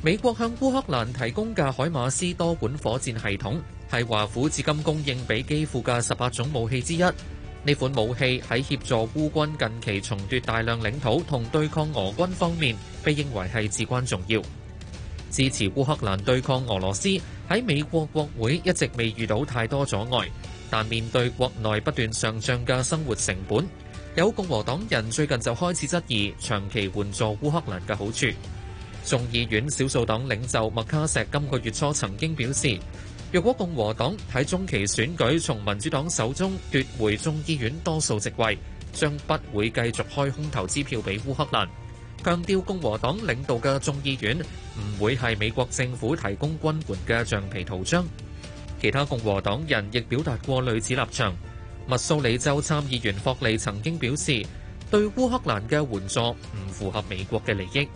美國向烏克蘭提供嘅海馬斯多管火箭系統係華府至今供應俾基輔嘅十八種武器之一。呢款武器喺協助烏軍近期重奪大量領土同對抗俄軍方面被認為係至關重要。支持烏克蘭對抗俄羅斯喺美國國會一直未遇到太多阻礙，但面對國內不斷上漲嘅生活成本，有共和黨人最近就開始質疑長期援助烏克蘭嘅好處。眾議院少數黨領袖麥卡錫今個月初曾經表示，若果共和黨喺中期選舉從民主黨手中奪回眾議院多數席位，將不會繼續開空頭支票俾烏克蘭。強調共和黨領導嘅眾議院唔會係美國政府提供軍援嘅橡皮圖章。其他共和黨人亦表達過類似立場。密蘇里州參議員霍利曾經表示，對烏克蘭嘅援助唔符合美國嘅利益。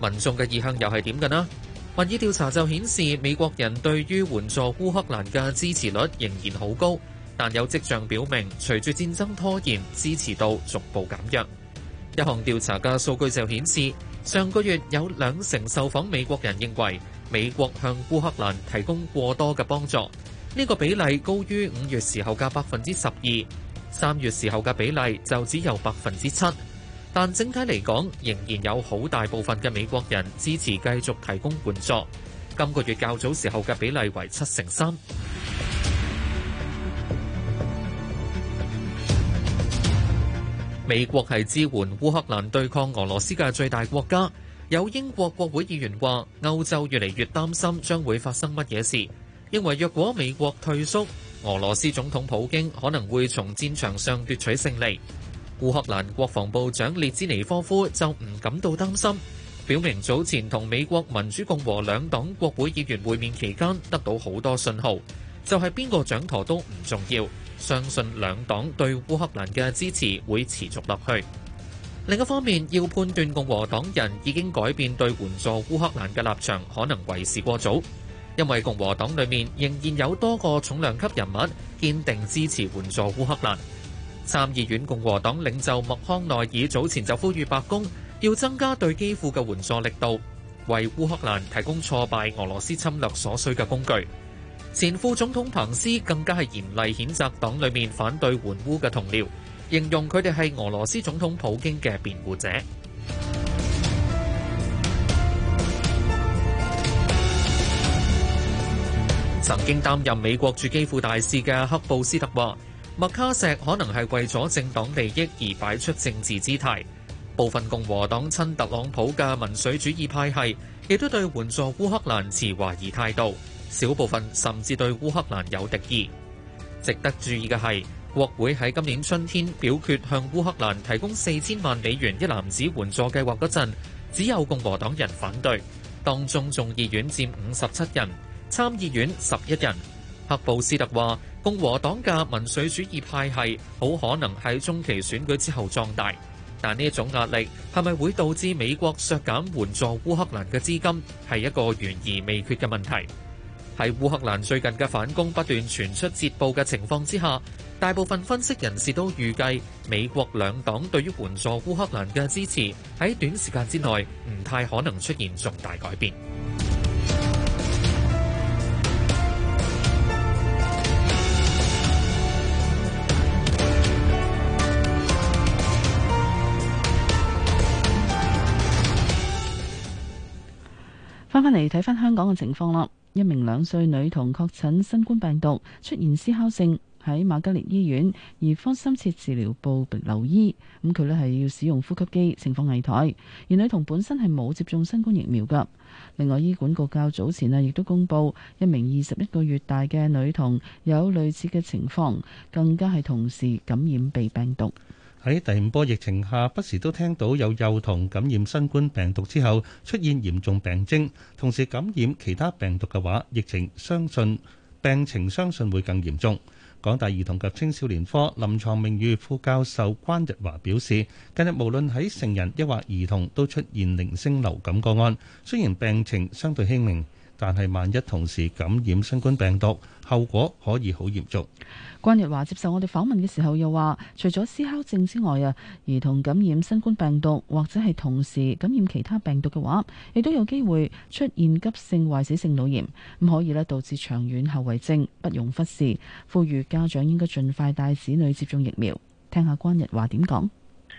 民眾嘅意向又係點嘅呢？民意調查就顯示，美國人對於援助烏克蘭嘅支持率仍然好高，但有跡象表明，隨住戰爭拖延，支持度逐步減弱。一項調查嘅數據就顯示，上個月有兩成受訪美國人認為美國向烏克蘭提供過多嘅幫助，呢個比例高於五月時候嘅百分之十二，三月時候嘅比例就只有百分之七，但整體嚟講仍然有好大部分嘅美國人支持繼續提供援助，今個月較早時候嘅比例為七成三。美國係支援烏克蘭對抗俄羅斯嘅最大國家。有英國國會議員話，歐洲越嚟越擔心將會發生乜嘢事，認為若果美國退縮，俄羅斯總統普京可能會從戰場上奪取勝利。烏克蘭國防部長列茲尼科夫就唔感到擔心，表明早前同美國民主共和兩黨國會議員會面期間得到好多信號，就係邊個掌舵都唔重要。相信兩黨對烏克蘭嘅支持會持續落去。另一方面，要判斷共和黨人已經改變對援助烏克蘭嘅立場，可能為時過早，因為共和黨裡面仍然有多個重量級人物堅定支持援助烏克蘭。參議院共和黨領袖麥康奈爾早前就呼籲白宮要增加對基輔嘅援助力度，為烏克蘭提供挫敗俄羅斯侵略所需嘅工具。前副總統彭斯更加係嚴厲譴責黨裏面反對援烏嘅同僚，形容佢哋係俄羅斯總統普京嘅辯護者。 [music] 曾經擔任美國駐基輔大使嘅克布斯特話，麥卡錫可能係為咗政黨利益而擺出政治姿態。部分共和黨親特朗普嘅民粹主義派系，亦都對援助烏克蘭持懷疑態度。小部分甚至對烏克蘭有敵意。值得注意嘅係，國會喺今年春天表決向烏克蘭提供四千萬美元一籃子援助計劃嗰陣，只有共和黨人反對。當中眾議院佔五十七人，參議院十一人。赫布斯特話，共和黨嘅民粹主義派系好可能喺中期選舉之後壯大。但呢一種壓力係咪會導致美國削減援助烏克蘭嘅資金，係一個懸而未決嘅問題。喺烏克蘭最近嘅反攻不斷傳出捷報嘅情況之下，大部分分析人士都預計美國兩黨對於援助烏克蘭嘅支持喺短時間之內唔太可能出現重大改變。返返嚟睇返香港嘅情況啦。一名兩歲女童確診新冠病毒，出現思考性喺瑪嘉烈醫院兒科深切治療部留醫，咁佢呢係要使用呼吸機，情況危殆。而女童本身係冇接種新冠疫苗噶。另外，醫管局較早前啊，亦都公布一名二十一個月大嘅女童有類似嘅情況，更加係同時感染鼻病毒。喺第五波疫情下，不時都聽到有幼童感染新冠病毒之後出現嚴重病徵，同時感染其他病毒嘅話，疫情相信病情相信會更嚴重。港大兒童及青少年科臨牀名譽副教授關日華表示，近日無論喺成人抑或兒童都出現零星流感個案，雖然病情相對輕微，但係萬一同時感染新冠病毒，後果可以好嚴重。關日華接受我哋訪問嘅時候又話，除咗思考症之外啊，兒童感染新冠病毒或者係同時感染其他病毒嘅話，亦都有機會出現急性壞死性腦炎，咁可以咧導致長遠後遺症，不容忽視。呼籲家長應該盡快帶子女接種疫苗。聽下關日華點講。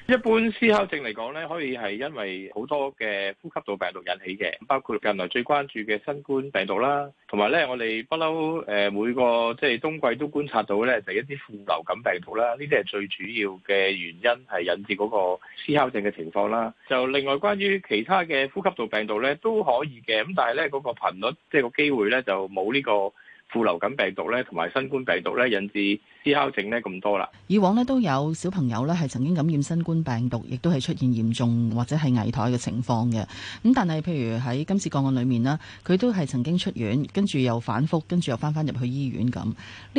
一般思考症嚟講咧，可以係因為好多嘅呼吸道病毒引起嘅，包括近來最關注嘅新冠病毒啦，同埋咧我哋不嬲誒，每個即係冬季都觀察到咧，就一啲副流感病毒啦，呢啲係最主要嘅原因係引致嗰個思考症嘅情況啦。就另外關於其他嘅呼吸道病毒咧，都可以嘅咁，但係咧嗰個頻率即係個機會咧，就冇呢個。副流感病毒咧，同埋新冠病毒咧，引致思考症呢，咁多啦。以往呢，都有小朋友咧係曾經感染新冠病毒，亦都係出現嚴重或者係危殆嘅情況嘅。咁但係，譬如喺今次個案裏面啦，佢都係曾經出院，跟住又反覆，跟住又翻翻入去醫院咁。呢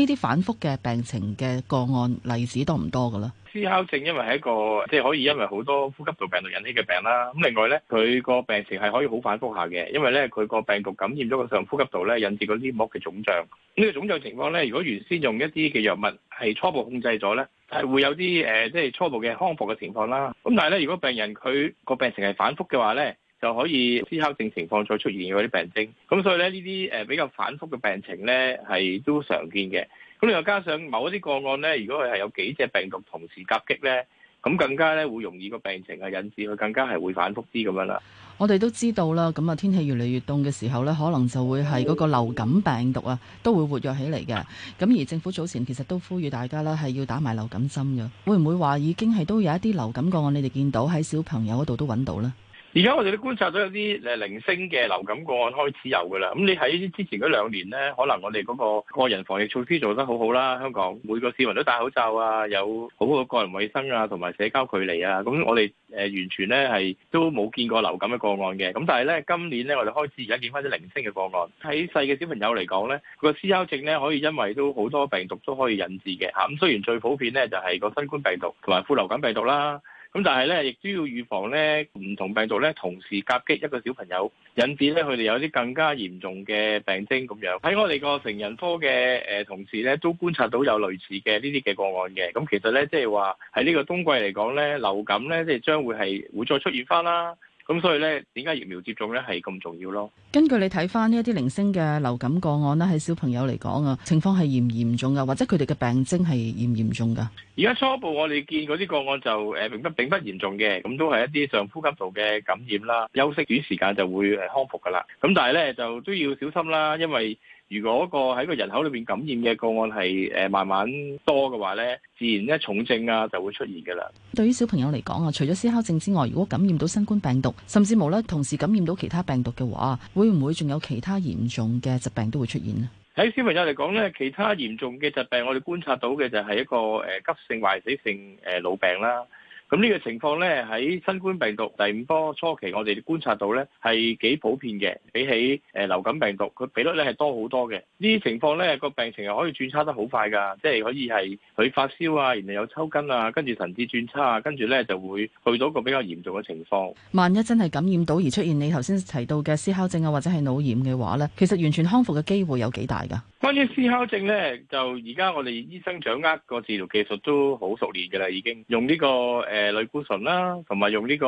啲反覆嘅病情嘅個案例子多唔多噶啦？支氣哮喘因為係一個即係、就是、可以因為好多呼吸道病毒引起嘅病啦、啊。咁另外咧，佢個病情係可以好反覆下嘅，因為咧佢個病毒感染咗個上呼吸道咧，引致個黏膜嘅腫脹。嗯這個、呢個腫脹情況咧，如果原先用一啲嘅藥物係初步控制咗咧，係會有啲誒、呃、即係初步嘅康復嘅情況啦。咁、嗯、但係咧，如果病人佢個病情係反覆嘅話咧，就可以支氣哮喘情況再出現嗰啲病徵。咁、嗯、所以咧，呢啲誒比較反覆嘅病情咧係都常見嘅。咁又加上某一啲個案呢，如果佢係有幾隻病毒同時夾擊呢，咁更加呢會容易個病情啊，引致佢更加係會反覆啲咁樣啦。我哋都知道啦，咁啊天氣越嚟越凍嘅時候呢，可能就會係嗰個流感病毒啊都會活躍起嚟嘅。咁而政府早前其實都呼籲大家啦，係要打埋流感針嘅。會唔會話已經係都有一啲流感個案？你哋見到喺小朋友嗰度都揾到呢？而家我哋都觀察到有啲誒零星嘅流感個案開始有㗎啦。咁你喺之前嗰兩年呢，可能我哋嗰個個人防疫措施做得好好啦，香港每個市民都戴口罩啊，有好好個人衞生啊，同埋社交距離啊。咁我哋誒完全呢係都冇見過流感嘅個案嘅。咁但係呢，今年呢，我哋開始而家見返啲零星嘅個案。喺細嘅小朋友嚟講咧，個思考症呢，可以因為都好多病毒都可以引致嘅嚇。咁雖然最普遍呢，就係個新冠病毒同埋副流感病毒啦。咁但係咧，亦都要預防咧，唔同病毒咧同時夾擊一個小朋友，引致咧佢哋有啲更加嚴重嘅病徵咁樣。喺我哋個成人科嘅誒、呃、同事咧，都觀察到有類似嘅呢啲嘅個案嘅。咁、嗯、其實咧，即係話喺呢個冬季嚟講咧，流感咧即係將會係會再出現翻啦。咁所以咧，點解疫苗接種咧係咁重要咯？根據你睇返呢一啲零星嘅流感個案啦，喺小朋友嚟講啊，情況係嚴唔嚴重啊，或者佢哋嘅病徵係嚴唔嚴重噶？而家初步我哋見嗰啲個案就誒、呃、並不並不嚴重嘅，咁都係一啲上呼吸道嘅感染啦、呃，休息短時間就會誒、呃、康復噶啦。咁但係咧就都要小心啦，因為，如果個喺個人口裏邊感染嘅個案係誒慢慢多嘅話咧，自然咧重症啊就會出現㗎喇。對於小朋友嚟講啊，除咗思考症之外，如果感染到新冠病毒，甚至無啦，同時感染到其他病毒嘅話，會唔會仲有其他嚴重嘅疾病都會出現咧？喺小朋友嚟講咧，其他嚴重嘅疾病，我哋觀察到嘅就係一個誒急性壞死性誒腦病啦。咁呢個情況咧，喺新冠病毒第五波初期，我哋觀察到咧係幾普遍嘅，比起誒、呃、流感病毒，佢比率咧係多好多嘅。呢啲情況咧，個病情又可以轉差得好快㗎，即係可以係佢發燒啊，然後有抽筋啊，跟住神志轉差啊，跟住咧就會去到一個比較嚴重嘅情況。萬一真係感染到而出現你頭先提到嘅思考症啊，或者係腦炎嘅話咧，其實完全康復嘅機會有幾大㗎？關於思考症咧，就而家我哋醫生掌握個治療技術都好熟練㗎啦，已經用呢個誒。呃呃誒類固醇啦，同埋用呢個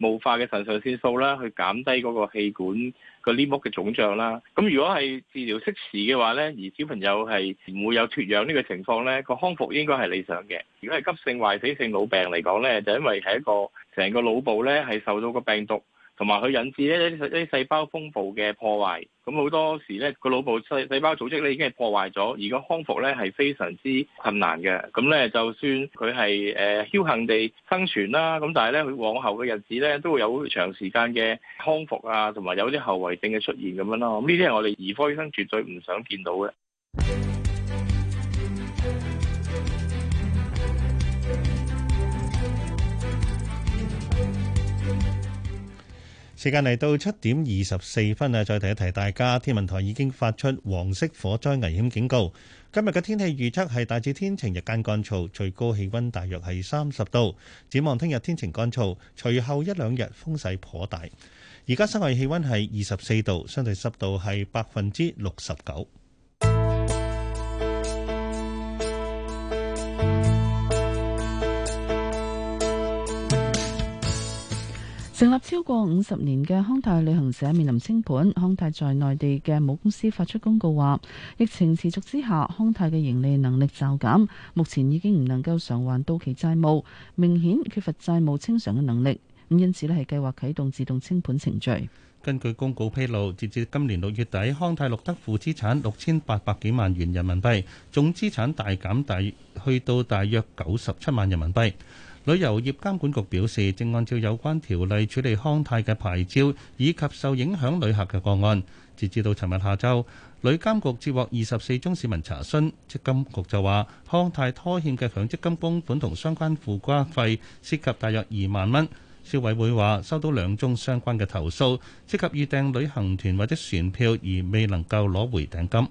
霧化嘅腎上腺素啦，去減低嗰個氣管個黏膜嘅腫脹啦。咁如果係治療適時嘅話咧，而小朋友係唔會有脫氧呢個情況咧，個康復應該係理想嘅。如果係急性壞死性腦病嚟講咧，就因為係一個成個腦部咧係受到個病毒，同埋佢引致呢啲細胞風暴嘅破壞，咁好多時呢個腦部細細胞組織呢已經係破壞咗，而個康復呢係非常之困難嘅。咁呢，就算佢係誒僥幸地生存啦，咁但係呢，佢往後嘅日子呢，都會有長時間嘅康復啊，同埋有啲後遺症嘅出現咁樣咯。呢啲係我哋兒科醫生絕對唔想見到嘅。時間嚟到七點二十四分啊！再提一提大家，天文台已經發出黃色火災危險警告。今日嘅天氣預測係大致天晴，日間乾燥，最高氣温大約係三十度。展望聽日天晴乾燥，隨後一兩日風勢頗大。而家室外氣温係二十四度，相對濕度係百分之六十九。成立超過五十年嘅康泰旅行社面臨清盤，康泰在內地嘅母公司發出公告話，疫情持續之下，康泰嘅盈利能力驟減，目前已經唔能夠償還到期債務，明顯缺乏債務清償嘅能力，咁因此咧係計劃啟動自動清盤程序。根據公告披露，截至今年六月底，康泰錄得負資產六千八百幾萬元人民幣，總資產大減大去到大約九十七萬人民幣。旅遊業監，監管局表示，正按照有關條例處理康泰嘅牌照以及受影響旅客嘅個案。截至到尋日下晝，旅監局接獲二十四宗市民查詢，積金局就話康泰拖欠嘅強積金供款同相關附加費涉及大約二萬蚊。消委會話收到兩宗相關嘅投訴，涉及預訂旅行團或者船票而未能夠攞回訂金。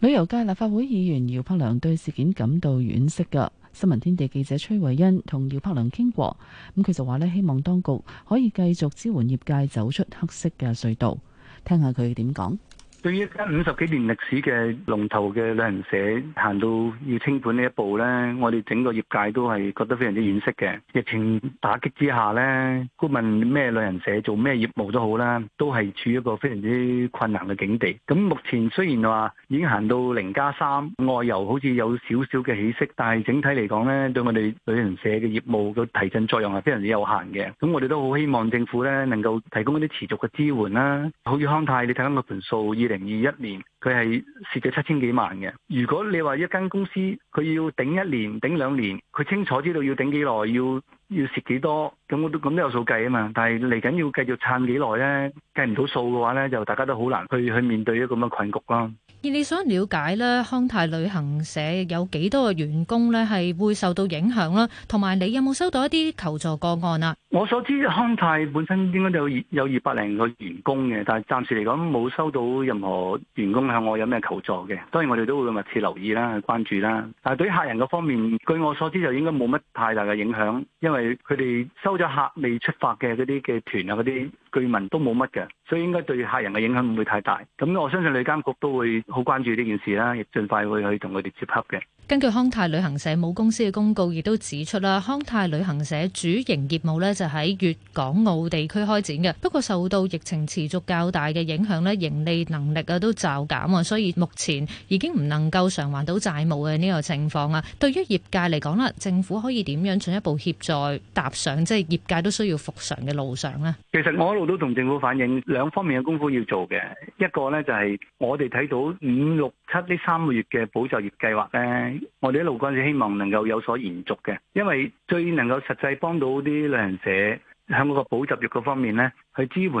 旅遊界立法會議員姚柏良對事件感到惋惜㗎。新聞天地記者崔慧欣同姚柏良傾過，咁佢就話咧，希望當局可以繼續支援業界走出黑色嘅隧道，聽下佢點講。對於一家五十幾年歷史嘅龍頭嘅旅行社行到要清盤呢一步呢，我哋整個業界都係覺得非常之惋惜嘅。疫情打擊之下呢，顧問咩旅行社做咩業務都好啦，都係處於一個非常之困難嘅境地。咁目前雖然話已經行到零加三，3, 外遊好似有少少嘅起色，但係整體嚟講呢，對我哋旅行社嘅業務嘅提振作用係非常之有限嘅。咁我哋都好希望政府呢能夠提供一啲持續嘅支援啦。好似康泰，你睇緊個盤數零二一年，佢係蝕咗七千幾萬嘅。如果你話一間公司，佢要頂一年，頂兩年，佢清楚知道要頂幾耐要。要蝕幾多，咁我都咁都有數計啊嘛，但係嚟緊要繼續撐幾耐咧，計唔到數嘅話咧，就大家都好難去去面對一個咁嘅困局咯。而你想了解咧，康泰旅行社有幾多嘅員工咧係會受到影響啦，同埋你有冇收到一啲求助個案啊？我所知康泰本身應該有有二百零個員工嘅，但係暫時嚟講冇收到任何員工向我有咩求助嘅。當然我哋都會密切留意啦、去關注啦。但係對於客人嗰方面，據我所知就應該冇乜太大嘅影響，因為佢哋收咗客未出發嘅嗰啲嘅團啊，嗰啲居民都冇乜嘅，所以應該對客人嘅影響唔會太大。咁我相信旅監局都會好關注呢件事啦，亦盡快會去同佢哋接洽嘅。根據康泰旅行社母公司嘅公告，亦都指出啦，康泰旅行社主營業務咧就喺粵港澳地區開展嘅。不過受到疫情持續較大嘅影響咧，盈利能力啊都驟減啊，所以目前已經唔能夠償還到債務嘅呢個情況啊。對於業界嚟講啦，政府可以點樣進一步協助踏上即係、就是、業界都需要復常嘅路上呢？其實我一路都同政府反映兩方面嘅功夫要做嘅，一個呢就係我哋睇到五六七呢三個月嘅保就業計劃咧。我哋一路講就希望能夠有所延續嘅，因為最能夠實際幫到啲旅行社喺嗰個補習業嗰方面咧，去支援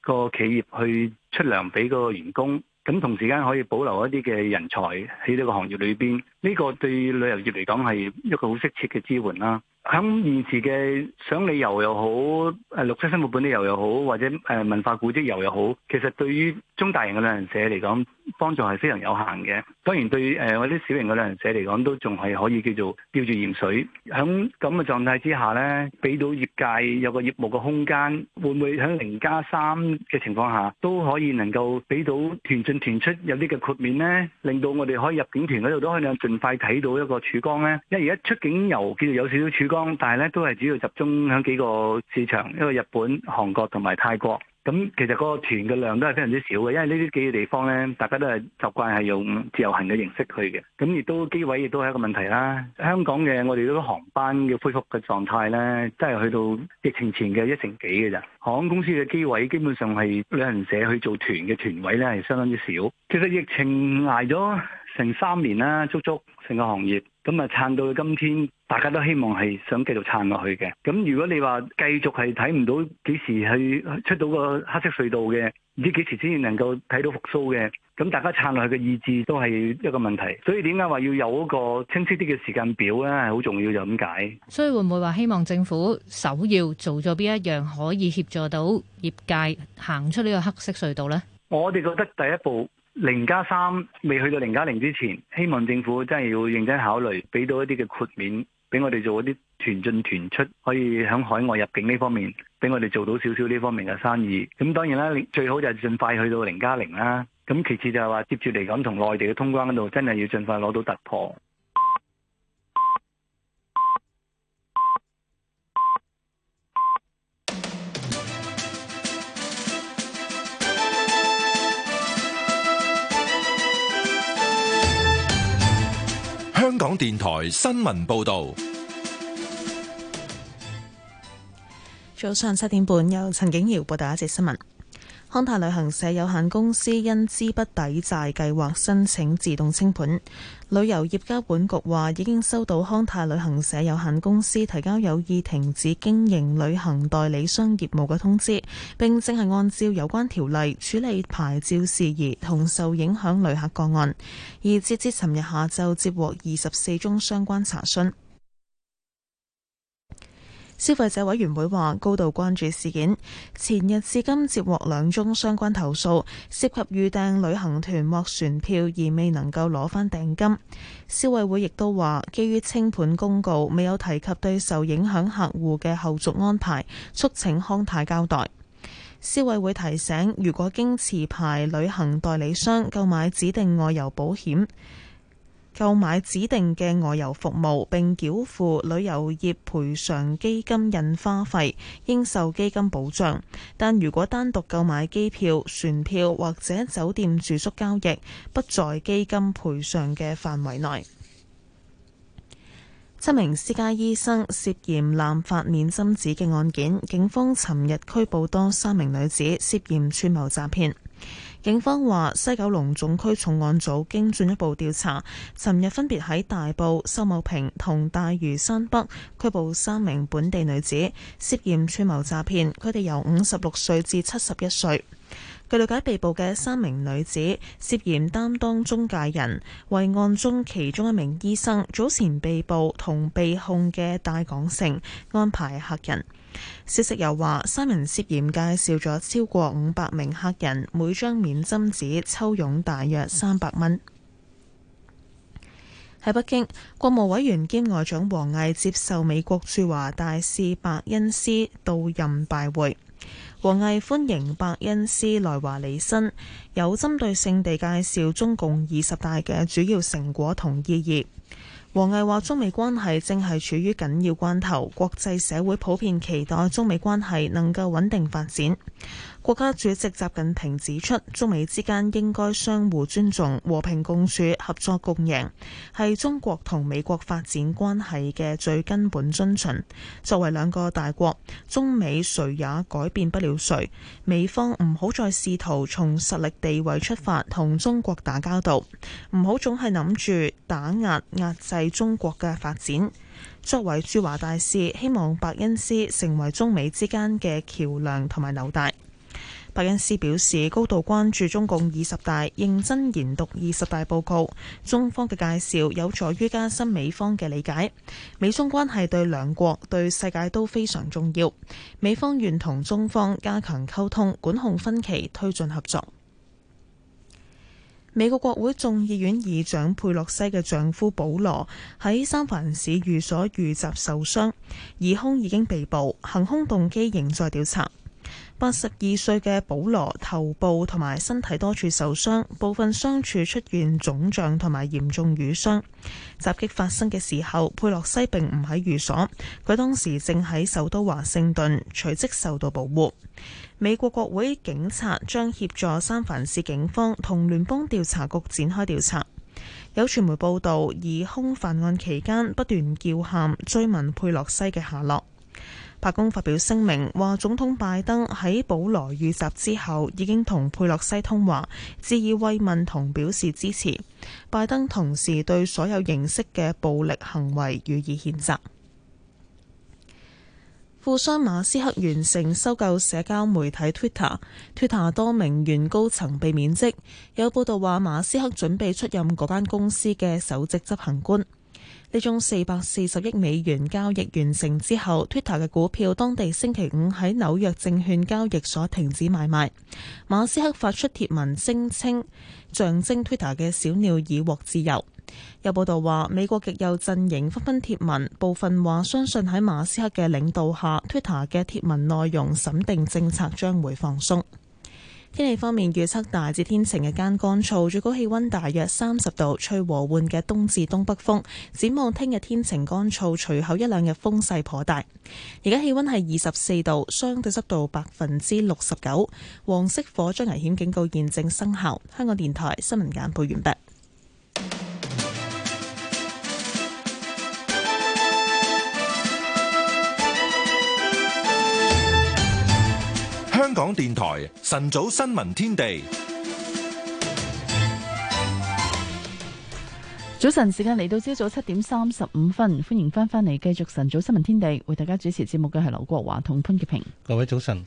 個企業去出糧俾嗰個員工，咁同時間可以保留一啲嘅人才喺呢個行業裏邊，呢個對旅遊業嚟講係一個好適切嘅支援啦。喺現時嘅想旅遊又好，誒綠色生活本地遊又好，或者誒文化古蹟遊又好，其實對於中大型嘅旅行社嚟講，幫助係非常有限嘅，當然對誒我哋小型嘅旅行社嚟講都仲係可以叫做吊住鹽水。喺咁嘅狀態之下呢，俾到業界有個業務嘅空間，會唔會喺零加三嘅情況下都可以能夠俾到團進團出有啲嘅豁免呢？令到我哋可以入境團嗰度都可以盡快睇到一個曙光呢，因為而家出境遊叫做有少少曙光，但係呢都係主要集中喺幾個市場，一個日本、韓國同埋泰國。咁其實個團嘅量都係非常之少嘅，因為呢啲幾個地方呢，大家都係習慣係用自由行嘅形式去嘅。咁亦都機位亦都係一個問題啦。香港嘅我哋個航班嘅恢復嘅狀態呢，真係去到疫情前嘅一成幾嘅咋。航空公司嘅機位基本上係旅行社去做團嘅團位呢，係相當之少。其實疫情捱咗成三年啦，足足成個行業。咁啊撐到到今天，大家都希望係想繼續撐落去嘅。咁如果你話繼續係睇唔到幾時去出到個黑色隧道嘅，唔知幾時先至能夠睇到復甦嘅，咁大家撐落去嘅意志都係一個問題。所以點解話要有一個清晰啲嘅時間表咧，係好重要就。就咁解。所以會唔會話希望政府首要做咗邊一樣可以協助到業界行出呢個黑色隧道咧？我哋覺得第一步。零加三未去到零加零之前，希望政府真係要認真考慮，俾到一啲嘅豁免，俾我哋做一啲團進團出，可以響海外入境呢方面，俾我哋做到少少呢方面嘅生意。咁當然啦，最好就係盡快去到零加零啦。咁其次就係話接住嚟講同內地嘅通關嗰度，真係要盡快攞到突破。香港電台新聞報道，早上七點半，由陳景瑤報道一則新聞：康泰旅行社有限公司因資不抵債，計劃申請自動清盤。旅遊業監管局話，已經收到康泰旅行社有限公司提交有意停止經營旅行代理商業務嘅通知，並正係按照有關條例處理牌照事宜同受影響旅客個案，而截至尋日下晝，接獲二十四宗相關查詢。消費者委員會話高度關注事件，前日至今接獲兩宗相關投訴，涉及預訂旅行團或船票而未能夠攞返訂金。消委會亦都話，基於清盤公告，未有提及對受影響客戶嘅後續安排，促請康泰交代。消委會提醒，如果經持牌旅行代理商購買指定外遊保險。購買指定嘅外遊服務並繳付旅遊業賠償基金印花費，應受基金保障。但如果單獨購買機票、船票或者酒店住宿交易，不在基金賠償嘅範圍內。七名私家醫生涉嫌濫發免針紙嘅案件，警方尋日拘捕多三名女子，涉嫌串謀詐騙。警方話，西九龍總區重案組經進一步調查，尋日分別喺大埔、秀茂坪同大嶼山北拘捕三名本地女子，涉嫌串謀詐騙。佢哋由五十六歲至七十一歲。據了解，被捕嘅三名女子涉嫌擔當中介人，為案中其中一名醫生早前被捕同被控嘅大港城安排客人。消息又話，三人涉嫌介紹咗超過五百名客人，每張免針紙抽傭大約三百蚊。喺北京，國務委員兼外長王毅接受美國駐華大使伯恩斯到任拜會。王毅歡迎伯恩斯來華履新，有針對性地介紹中共二十大嘅主要成果同意義。王毅話：中美關係正係處於緊要關頭，國際社會普遍期待中美關係能夠穩定發展。國家主席習近平指出，中美之間應該相互尊重、和平共處、合作共贏，係中國同美國發展關係嘅最根本遵循。作為兩個大國，中美誰也改變不了誰。美方唔好再試圖從實力地位出發同中國打交道，唔好總係諗住打壓壓制中國嘅發展。作為駐華大使，希望伯恩斯成為中美之間嘅橋梁同埋紐帶。白恩斯表示高度關注中共二十大，認真研讀二十大報告。中方嘅介紹有助於加深美方嘅理解。美中關係對兩國對世界都非常重要。美方願同中方加強溝通，管控分歧，推進合作。美國國會眾議院議長佩洛西嘅丈夫保羅喺三藩市寓所遇襲受傷，疑凶已經被捕，行凶動機仍在調查。八十二歲嘅保羅頭部同埋身體多處受傷，部分傷處出現腫脹同埋嚴重瘀傷。襲擊發生嘅時候，佩洛西並唔喺寓所，佢當時正喺首都華盛頓，隨即受到保護。美國國會警察將協助三藩市警方同聯邦調查局展開調查。有傳媒報道，疑兇犯案期間不斷叫喊，追問佩洛西嘅下落。白宮發表聲明，話總統拜登喺保羅遇襲之後已經同佩洛西通話，致以慰問同表示支持。拜登同時對所有形式嘅暴力行為予以譴責。 [noise] 富商馬斯克完成收購社交媒體 Twitter，Twitter 多名原高層被免職。有報道話馬斯克準備出任嗰間公司嘅首席執行官。呢宗四百四十億美元交易完成之後，Twitter 嘅股票當地星期五喺紐約證券交易所停止買賣。馬斯克發出貼文聲稱，象徵 Twitter 嘅小鳥已獲自由。有報道話，美國極右陣營紛紛貼文，部分話相信喺馬斯克嘅領導下，Twitter 嘅貼文內容審定政策將會放鬆。天氣方面預測，大致天晴，日間乾燥，最高氣溫大約三十度，吹和緩嘅東至東北風。展望聽日天晴乾燥，隨後一兩日風勢頗大。而家氣溫係二十四度，相對濕度百分之六十九。黃色火災危險警告現正生效。香港電台新聞簡報完畢。香港電台晨早新聞天地，早晨時間嚟到朝早七點三十五分，歡迎翻返嚟繼續晨早新聞天地，為大家主持節目嘅係劉國華同潘潔平。各位早晨。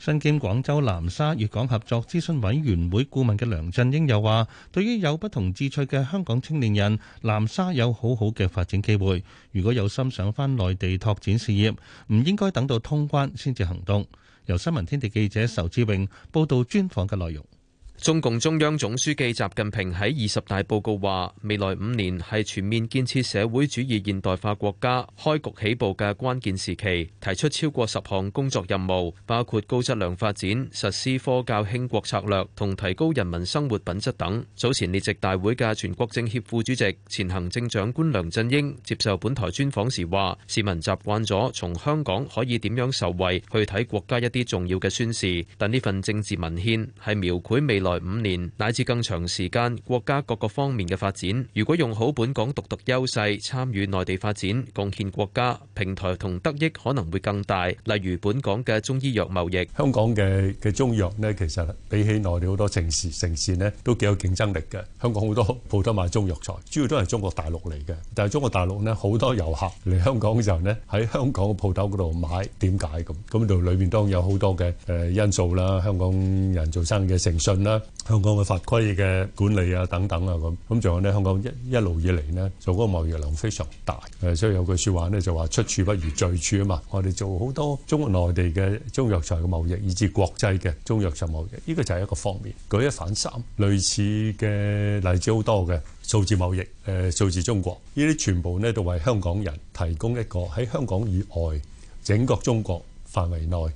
身兼廣州南沙粵港合作諮詢委員會顧問嘅梁振英又話，對於有不同志趣嘅香港青年人，南沙有好好嘅發展機會，如果有心想翻內地拓展事業，唔應該等到通關先至行動，由新聞天地記者仇志榮報道專訪嘅內容。中共中央總書記習近平喺二十大報告話，未來五年係全面建設社會主義現代化國家開局起步嘅關鍵時期，提出超過十項工作任務，包括高質量發展、實施科教興國策略同提高人民生活品質等。早前列席大會嘅全國政協副主席、前行政長官梁振英接受本台專訪時話，市民習慣咗從香港可以點樣受惠去睇國家一啲重要嘅宣示，但呢份政治文獻係描繪未來五年乃至更長時間，國家各個方面嘅發展，如果用好本港獨特優勢，參與內地發展，貢獻國家，平台同得益可能會更大。例如本港嘅中醫藥貿易，香港嘅嘅中藥咧，其實比起內地好多城市城市咧，都幾有競爭力嘅。香港好多鋪頭賣中藥材，主要都係中國大陸嚟嘅。但係中國大陸咧，好多遊客嚟香港嘅時候咧，喺香港嘅鋪頭嗰度買，點解咁？咁度裏面當然有好多嘅誒因素啦。香港人做生意嘅誠信啦。香港嘅法規嘅管理啊，等等啊，咁咁仲有咧，香港一一路以嚟呢，做嗰個貿易量非常大，誒、呃，所以有句話呢說話咧就話出處不如聚處啊嘛。我哋做好多中國內地嘅中藥材嘅貿易，以至國際嘅中藥材貿易，呢、這個就係一個方面。舉一反三，類似嘅例子好多嘅數字貿易，誒、呃，數字中國呢啲全部呢，都為香港人提供一個喺香港以外整個中國範圍內，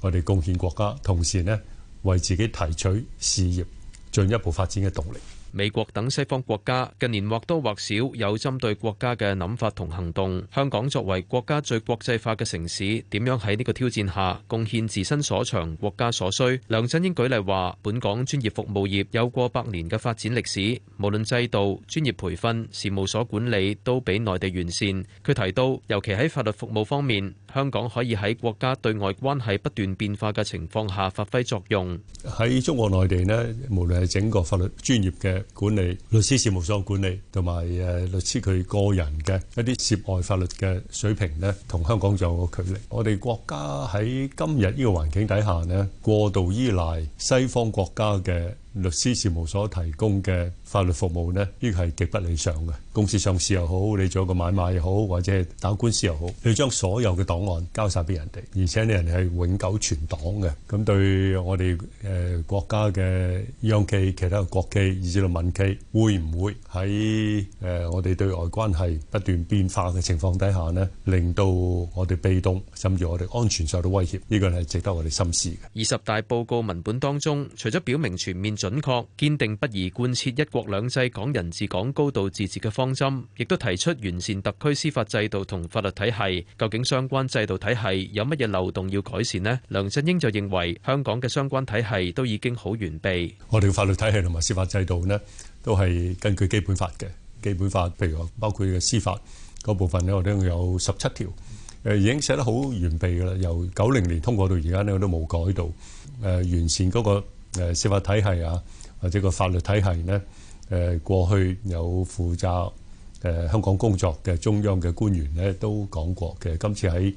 我哋貢獻國家，同時呢。為自己提取事業，進一步發展嘅動力。美國等西方國家近年或多或少有針對國家嘅諗法同行動。香港作為國家最國際化嘅城市，點樣喺呢個挑戰下貢獻自身所長、國家所需？梁振英舉例話：本港專業服務業有過百年嘅發展歷史，無論制度、專業培訓、事務所管理都比內地完善。佢提到，尤其喺法律服務方面，香港可以喺國家對外關係不斷變化嘅情況下發揮作用。喺中國內地呢，無論係整個法律專業嘅管理律師事務所管理同埋誒律師佢個人嘅一啲涉外法律嘅水平咧，同香港仲有個距離。我哋國家喺今日呢個環境底下咧，過度依賴西方國家嘅。律師事務所提供嘅法律服務呢，呢個係極不理想嘅。公司上市又好，你做個買賣又好，或者打官司又好，你將所有嘅檔案交曬俾人哋，而且呢人哋係永久存檔嘅。咁對我哋誒國家嘅央企、其他嘅國企、以至到民企，會唔會喺誒我哋對外關係不斷變化嘅情況底下呢，令到我哋被動，甚至我哋安全受到威脅？呢個係值得我哋深思嘅。二十大報告文本當中，除咗表明全面。準確、堅定不移貫徹一國兩制、港人治港、高度自治嘅方針，亦都提出完善特區司法制度同法律體系。究竟相關制度體系有乜嘢漏洞要改善呢？梁振英就認為香港嘅相關體系都已經好完備。我哋嘅法律體系同埋司法制度呢，都係根據基本法嘅。基本法譬如話包括嘅司法嗰部分呢，我哋都有十七條，誒已經寫得好完備噶啦。由九零年通過到而家呢，我都冇改到。誒，完善嗰個。誒司法體系啊，或者個法律體系咧，誒過去有負責誒香港工作嘅中央嘅官員咧，都講過。其實今次喺誒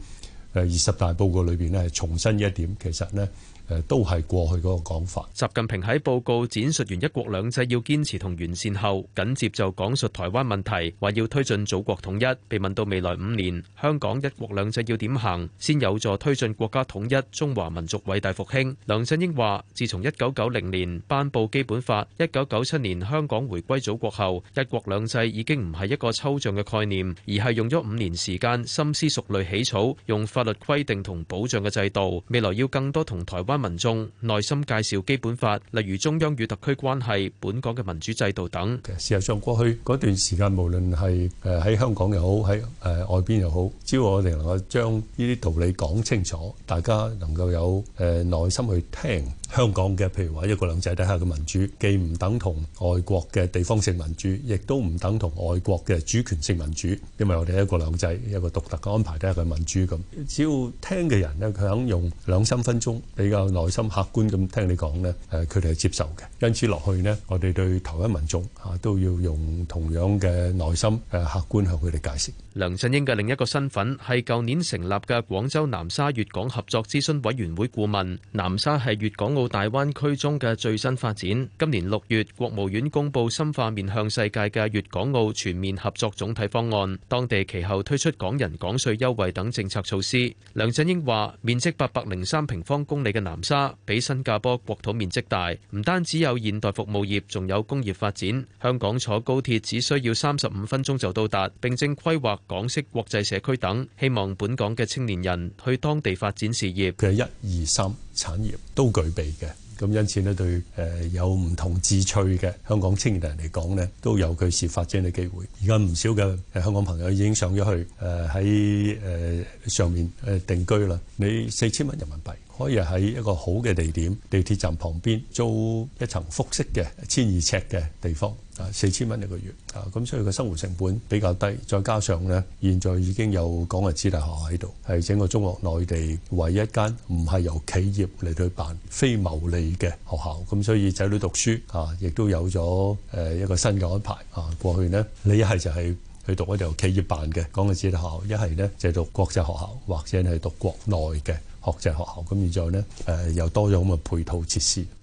二十大報告裏邊咧，係重申一點，其實咧。誒都係過去嗰個講法。習近平喺報告展述完一國兩制要堅持同完善後，緊接就講述台灣問題，話要推進祖國統一。被問到未來五年香港一國兩制要點行，先有助推進國家統一、中華民族偉大復興，梁振英話：自從一九九零年頒佈基本法，一九九七年香港回歸祖國後，一國兩制已經唔係一個抽象嘅概念，而係用咗五年時間深思熟慮起草，用法律規定同保障嘅制度。未來要更多同台灣。民眾耐心介紹基本法，例如中央與特區關係、本港嘅民主制度等。事實上過去嗰段時間，無論係誒喺香港又好，喺誒外邊又好，只要我哋能夠將呢啲道理講清楚，大家能夠有誒、呃、耐心去聽香港嘅，譬如話一國兩制底下嘅民主，既唔等同外國嘅地方性民主，亦都唔等同外國嘅主權性民主，因為我哋一國兩制一個獨特嘅安排，底下嘅民主咁。只要聽嘅人咧，佢肯用兩三分鐘比較。內心客觀咁聽你講呢，誒佢哋係接受嘅，因此落去呢，我哋對台灣民眾嚇都要用同樣嘅內心、誒客觀向佢哋解釋。梁振英嘅另一個身份係舊年成立嘅廣州南沙粵港合作諮詢委員會顧問。南沙係粵港澳大灣區中嘅最新發展。今年六月，國務院公布深化面向世界嘅粵港澳全面合作總體方案，當地其後推出港人港稅優惠等政策措施。梁振英話：面積八百零三平方公里嘅南沙比新加坡國土面積大，唔單止有現代服務業，仲有工業發展。香港坐高鐵只需要三十五分鐘就到達，並正規劃港式國際社區等，希望本港嘅青年人去當地發展事業。佢係一二三產業都具備嘅，咁因此咧，對誒有唔同志趣嘅香港青年人嚟講咧，都有佢事發展嘅機會。而家唔少嘅香港朋友已經上咗去誒喺誒上面誒定居啦。你四千蚊人民幣。可以喺一個好嘅地點，地鐵站旁邊租一層複式嘅千二尺嘅地方，啊，四千蚊一個月，啊，咁所以個生活成本比較低。再加上呢，現在已經有港人子弟學校喺度，係整個中國內地唯一一間唔係由企業嚟去辦非牟利嘅學校。咁所以仔女讀書啊，亦都有咗誒一個新嘅安排。啊，過去呢，你一係就係去讀一啲由企業辦嘅港人子弟校，一係呢就係，讀國際學校或者係讀國內嘅。學習學校咁，然後咧，誒又多咗咁嘅配套設施。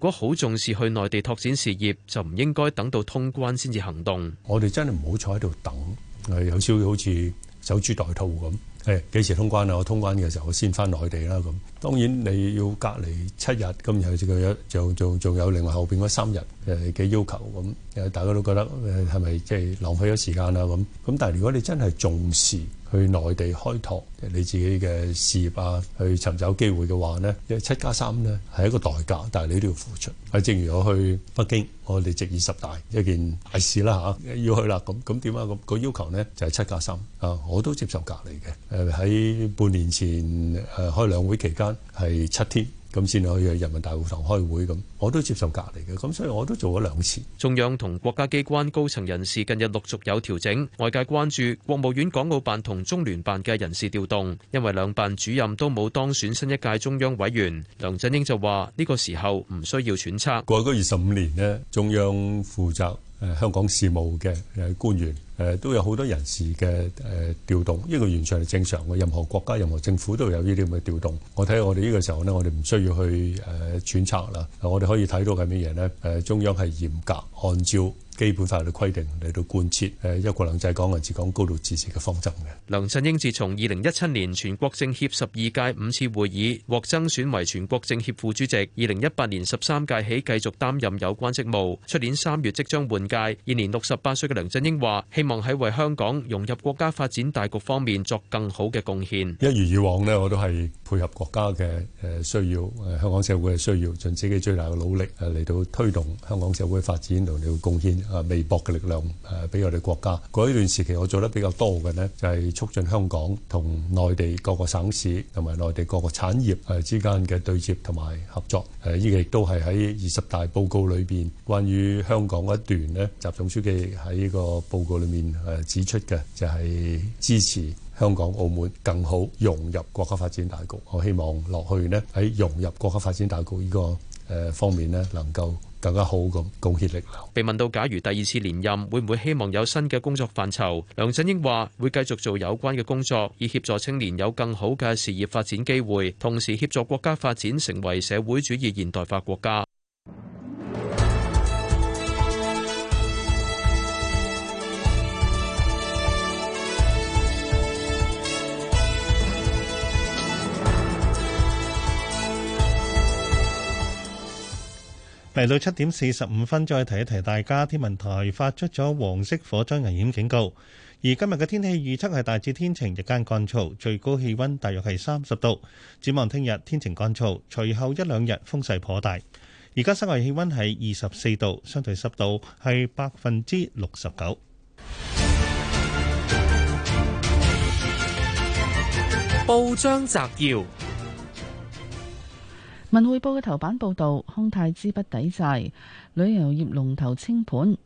如果好重視去內地拓展事業，就唔應該等到通關先至行動。我哋真係唔好坐喺度等，係有少好似守株待兔咁。係幾時通關啊？我通關嘅時候，我先返內地啦。咁當然你要隔離七日，咁有只就就仲有另外後邊嗰三日嘅要求咁。誒，大家都覺得誒，係咪即係浪費咗時間啊？咁咁，但係如果你真係重視。去內地開拓你自己嘅事業啊，去尋找機會嘅話呢，七加三呢係一個代價，但係你都要付出。啊，正如我去北京，北京我哋直面十大一件大事啦嚇、啊，要去啦，咁咁點啊？咁、嗰個要求呢就係、係、七加三啊，我都接受隔離嘅。喺半年前誒、啊、開兩會期間係七天。咁先可以去人民大會堂開會咁，我都接受隔離嘅，咁所以我都做咗兩次。中央同國家機關高層人士近日陸續有調整，外界關注國務院港澳辦同中聯辦嘅人事調動，因為兩辦主任都冇當選新一屆中央委員。梁振英就話呢個時候唔需要揣測。過咗二十五年呢，中央負責誒香港事務嘅誒官員。誒都有好多人事嘅誒調動，呢個完全係正常嘅。任何國家、任何政府都有呢啲咁嘅調動。我睇下我哋呢個時候咧，我哋唔需要去誒、呃、揣測啦。我哋可以睇到係乜嘢咧？誒、呃、中央係嚴格按照。基本法嘅規定嚟到貫徹誒一國兩制、港人治港、高度自治嘅方針。梁振英自從二零一七年全國政協十二屆五次會議獲增選為全國政協副主席，二零一八年十三屆起繼續擔任有關職務，出年三月即將換屆。現年六十八歲嘅梁振英話：希望喺為香港融入國家發展大局方面作更好嘅貢獻。一如以往咧，我都係配合國家嘅誒需要，香港社會嘅需要，盡自己最大嘅努力誒嚟到推動香港社會發展同埋貢獻。誒微博嘅力量誒，俾我哋國家嗰一段時期，我做得比較多嘅呢，就係促進香港同內地各個省市同埋內地各個產業誒之間嘅對接同埋合作。誒呢個亦都係喺二十大報告裏邊，關於香港一段呢，習總書記喺呢個報告裏面誒指出嘅，就係支持香港澳門更好融入國家發展大局。我希望落去呢，喺融入國家發展大局呢個誒方面呢，能夠。更加好咁貢獻力。被問到假如第二次連任，會唔會希望有新嘅工作範疇？梁振英話：會繼續做有關嘅工作，以協助青年有更好嘅事業發展機會，同時協助國家發展成為社會主義現代化國家。嚟到七點四十五分，再提一提大家，天文台發出咗黃色火災危險警告。而今日嘅天氣預測係大致天晴，日間乾燥，最高氣溫大約係三十度。展望聽日天晴乾燥，隨後一兩日風勢頗大。而家室外氣溫係二十四度，相對濕度係百分之六十九。報章摘要。文匯報嘅頭版報道：康泰資不抵債，旅遊業龍頭清盤。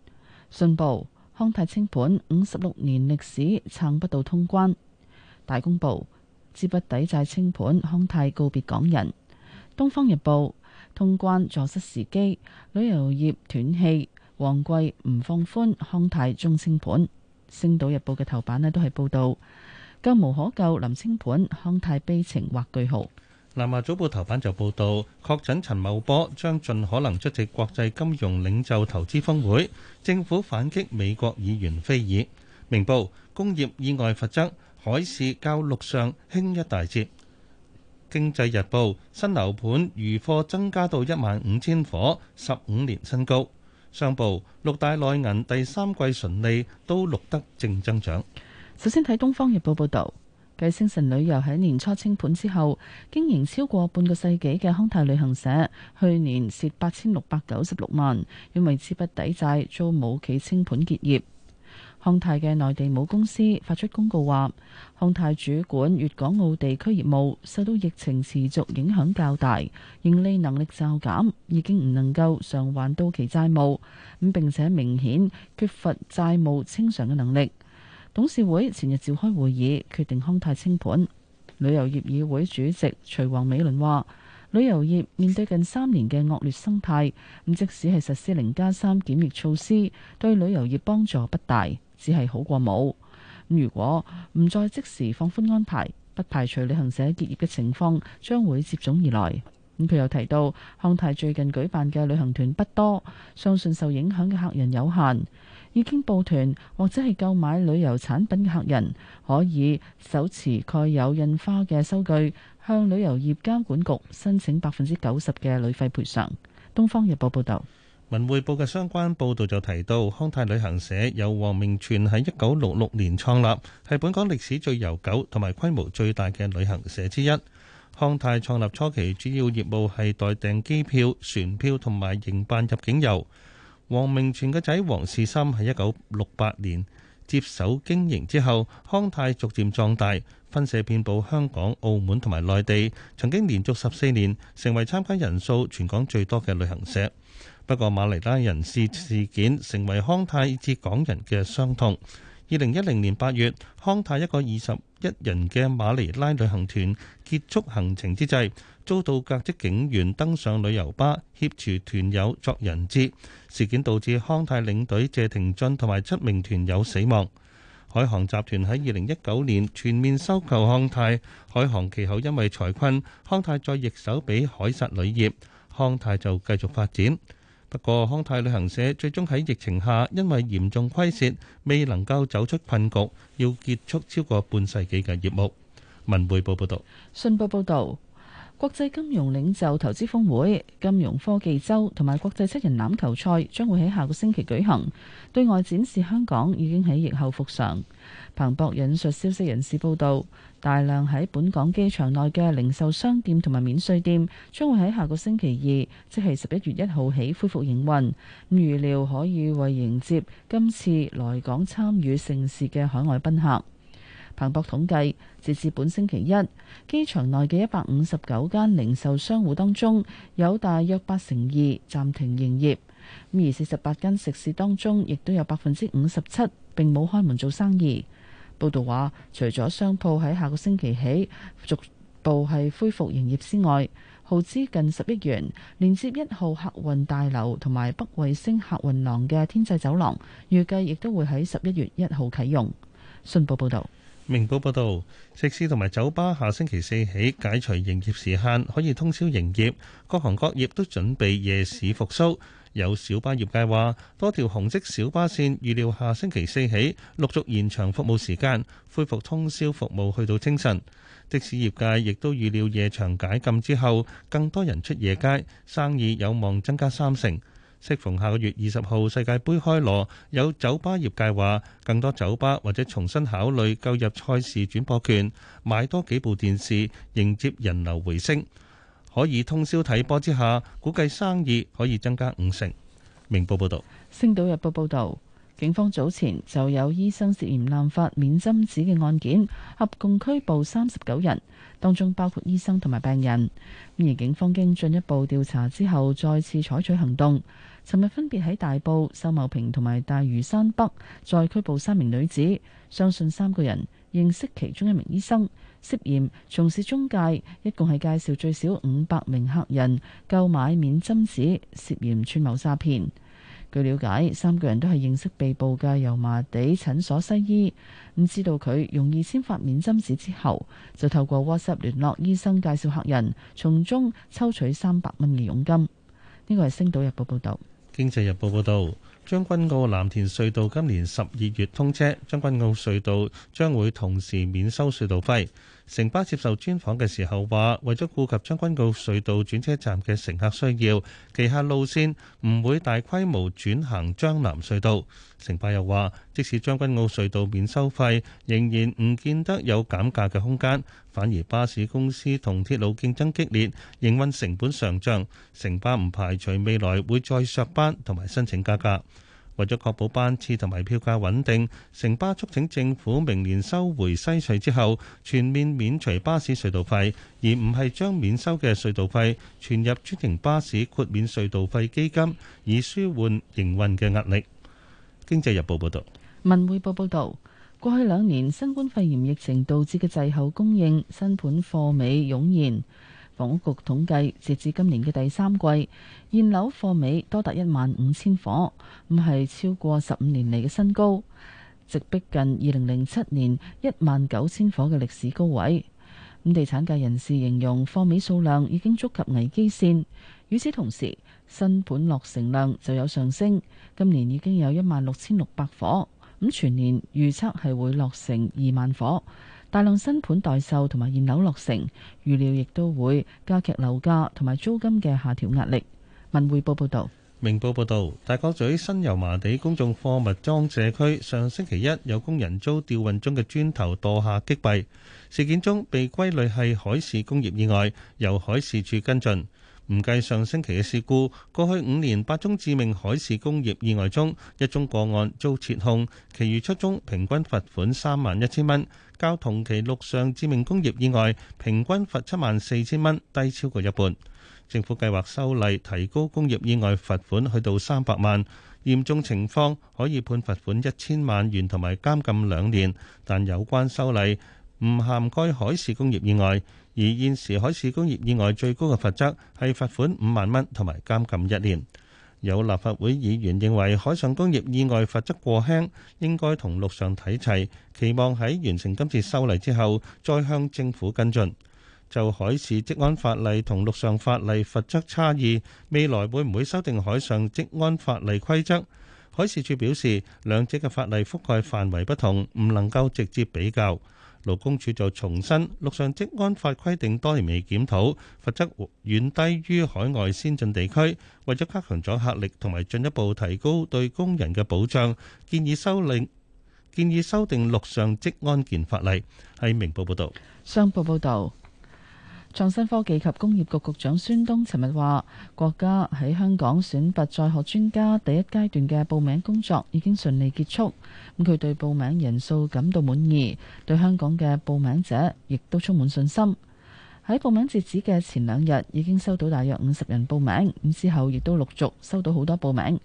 信報：康泰清盤五十六年歷史撐不到通關。大公報：資不抵債清盤，康泰告別港人。東方日報：通關坐失時機，旅遊業斷氣，旺季唔放寬，康泰終清盤。星島日報嘅頭版呢都係報道：救無可救，臨清盤，康泰悲情畫句號。南華早報頭版就報道，確診陳茂波將盡可能出席國際金融領袖投資峰會。政府反擊美國議員非議。明報工業意外罰則，海事較陸上輕一大截。經濟日報新樓盤餘貨增加到一萬五千夥，十五年新高。商報六大內銀第三季純利都錄得正增長。首先睇《東方日報》報導。嘅星晨旅遊喺年初清盤之後，經營超過半個世紀嘅康泰旅行社去年蝕八千六百九十六萬，因為資不抵債，做冇企清盤結業。康泰嘅內地母公司發出公告話，康泰主管粵港澳地區業務受到疫情持續影響較大，盈利能力驟減，已經唔能夠償還到期債務，咁並且明顯缺乏債務清償嘅能力。董事會前日召開會議，決定康泰清盤。旅遊業議會主席徐王美倫話：旅遊業面對近三年嘅惡劣生態，咁即使係實施零加三檢疫措施，對旅遊業幫助不大，只係好過冇。如果唔再即時放寬安排，不排除旅行社結業嘅情況將會接踵而來。佢又提到，康泰最近舉辦嘅旅行團不多，相信受影響嘅客人有限。已經報團或者係購買旅遊產品嘅客人，可以手持蓋有印花嘅收據，向旅遊業監管局申請百分之九十嘅旅費賠償。《東方日報》報道，文匯報嘅相關報導就提到，康泰旅行社由黃明全喺一九六六年創立，係本港歷史最悠久同埋規模最大嘅旅行社之一。康泰創立初期主要業務係代訂機票、船票同埋營辦入境遊。黃明傳嘅仔黃士心喺一九六八年接手經營之後，康泰逐漸壯大，分社遍布香港、澳門同埋內地，曾經連續十四年成為參加人數全港最多嘅旅行社。不過馬尼拉人質事件成為康泰至港人嘅傷痛。二零一零年八月，康泰一個二十一人嘅馬尼拉旅行團結束行程之際，遭到革職警員登上旅遊巴挾持團友作人質，事件導致康泰領隊謝廷駿同埋七名團友死亡。海航集團喺二零一九年全面收購康泰，海航其後因為財困，康泰再易手俾海實旅業，康泰就繼續發展。不過康泰旅行社最終喺疫情下，因為嚴重虧蝕，未能夠走出困局，要結束超過半世紀嘅業務。文匯報報道，信報報道，國際金融領袖投資峰會、金融科技周同埋國際七人欖球賽將會喺下個星期舉行，對外展示香港已經喺疫後復常。彭博引述消息人士報道。大量喺本港機場內嘅零售商店同埋免稅店將會喺下個星期二，即係十一月一號起恢復營運，預料可以為迎接今次來港參與盛事嘅海外賓客。彭博統計，截至本星期一，機場內嘅一百五十九間零售商戶當中有大約八成二暫停營業，而四十八間食肆當中，亦都有百分之五十七並冇開門做生意。報道話，除咗商鋪喺下個星期起逐步係恢復營業之外，耗資近十億元連接一號客運大樓同埋北衛星客運廊嘅天際走廊，預計亦都會喺十一月一號啟用。信報報道，明報報道，食肆同埋酒吧下星期四起解除營業時限，可以通宵營業。各行各業都準備夜市復甦。有小巴業界話，多條紅色小巴線預料下星期四起陸續延長服務時間，恢復通宵服務去到清晨。的士業界亦都預料夜場解禁之後，更多人出夜街，生意有望增加三成。適逢下個月二十號世界盃開鑼，有酒吧業界話，更多酒吧或者重新考慮購入賽事轉播權，買多幾部電視迎接人流回升。可以通宵睇波之下，估計生意可以增加五成。明報報道，星島日報報道，警方早前就有醫生涉嫌濫發免針紙嘅案件，合共拘捕三十九人，當中包括醫生同埋病人。而警方經進一步調查之後，再次採取行動。尋日分別喺大埔、秀茂坪同埋大嶼山北，再拘捕三名女子，相信三個人認識其中一名醫生。涉嫌從事中介，一共係介紹最少五百名客人購買免針紙，涉嫌串謀詐騙。據了解，三個人都係認識被捕嘅油麻地診所西醫，唔知道佢用二千塊免針紙之後，就透過 WhatsApp 聯絡醫生介紹客人，從中抽取三百蚊嘅佣金。呢個係《星島日報》報導。經濟日報報導，將軍澳藍田隧道今年十二月通車，將軍澳隧道將會同時免收隧道費。城巴接受專訪嘅時候話，為咗顧及將軍澳隧道轉車站嘅乘客需要，旗下路線唔會大規模轉行將藍隧道。城巴又話即使將軍澳隧道免收費仍然唔見得有減價嘅空間，反而巴士公司同鐵路競爭激烈，營運成本上漲，城巴唔排除未來會再削班同埋申請加價。為咗確保班次同埋票價穩定，城巴促請政府明年收回西隧之後，全面免除巴士隧道費，而唔係將免收嘅隧道費存入專營巴士豁免隧道費基金，以舒緩營運嘅壓力。經濟日報報道。文匯報報道，過去兩年新冠肺炎疫情導致嘅滯後供應，新盤貨尾湧現。房屋局統計，截至今年嘅第三季，現樓貨尾多達一萬五千伙，咁係超過十五年嚟嘅新高，直逼近二零零七年一萬九千伙嘅歷史高位。咁地產界人士形容貨尾數量已經觸及危機線。與此同時，新盤落成量就有上升，今年已經有一萬六千六百伙，咁全年預測係會落成二萬伙。大量新盤待售同埋現樓落成，預料亦都會加劇樓價同埋租金嘅下調壓力。文匯報報道，明報報道，大角咀新油麻地公眾貨物裝卸區上星期一有工人遭吊運中嘅磚頭墮下擊斃，事件中被歸類係海事工業意外，由海事處跟進。唔計上星期嘅事故，過去五年八宗致命海事工業意外中，一宗個案遭撤控，其餘七宗平均罰款三萬一千蚊。較同期陸上致命工業意外平均罰七萬四千蚊，低超過一半。政府計劃修例提高工業意外罰款去到三百萬，嚴重情況可以判罰款一千萬元同埋監禁兩年。但有關修例唔涵蓋海事工業意外，而現時海事工業意外最高嘅罰則係罰款五萬蚊同埋監禁一年。有立法會議員認為海上工業意外罰則過輕，應該同陸上睇齊，期望喺完成今次修例之後再向政府跟進。就海事職安法例同陸上法例罰則差異，未來會唔會修訂海上職安法例規則？海事處表示，兩者嘅法例覆蓋範圍不同，唔能夠直接比較。勞工處就重申，陸上職安法規定多年未檢討，罰則遠低於海外先進地區。為咗加強阻嚇力同埋進一步提高對工人嘅保障，建議修訂建議修訂陸上職安健法例。喺明報報道，商報報道。創新科技及工業局局長孫東尋日話，國家喺香港選拔載荷專家第一階段嘅報名工作已經順利結束。咁佢對報名人數感到滿意，對香港嘅報名者亦都充滿信心。喺報名截止嘅前兩日已經收到大約五十人報名，咁之後亦都陸續收到好多報名。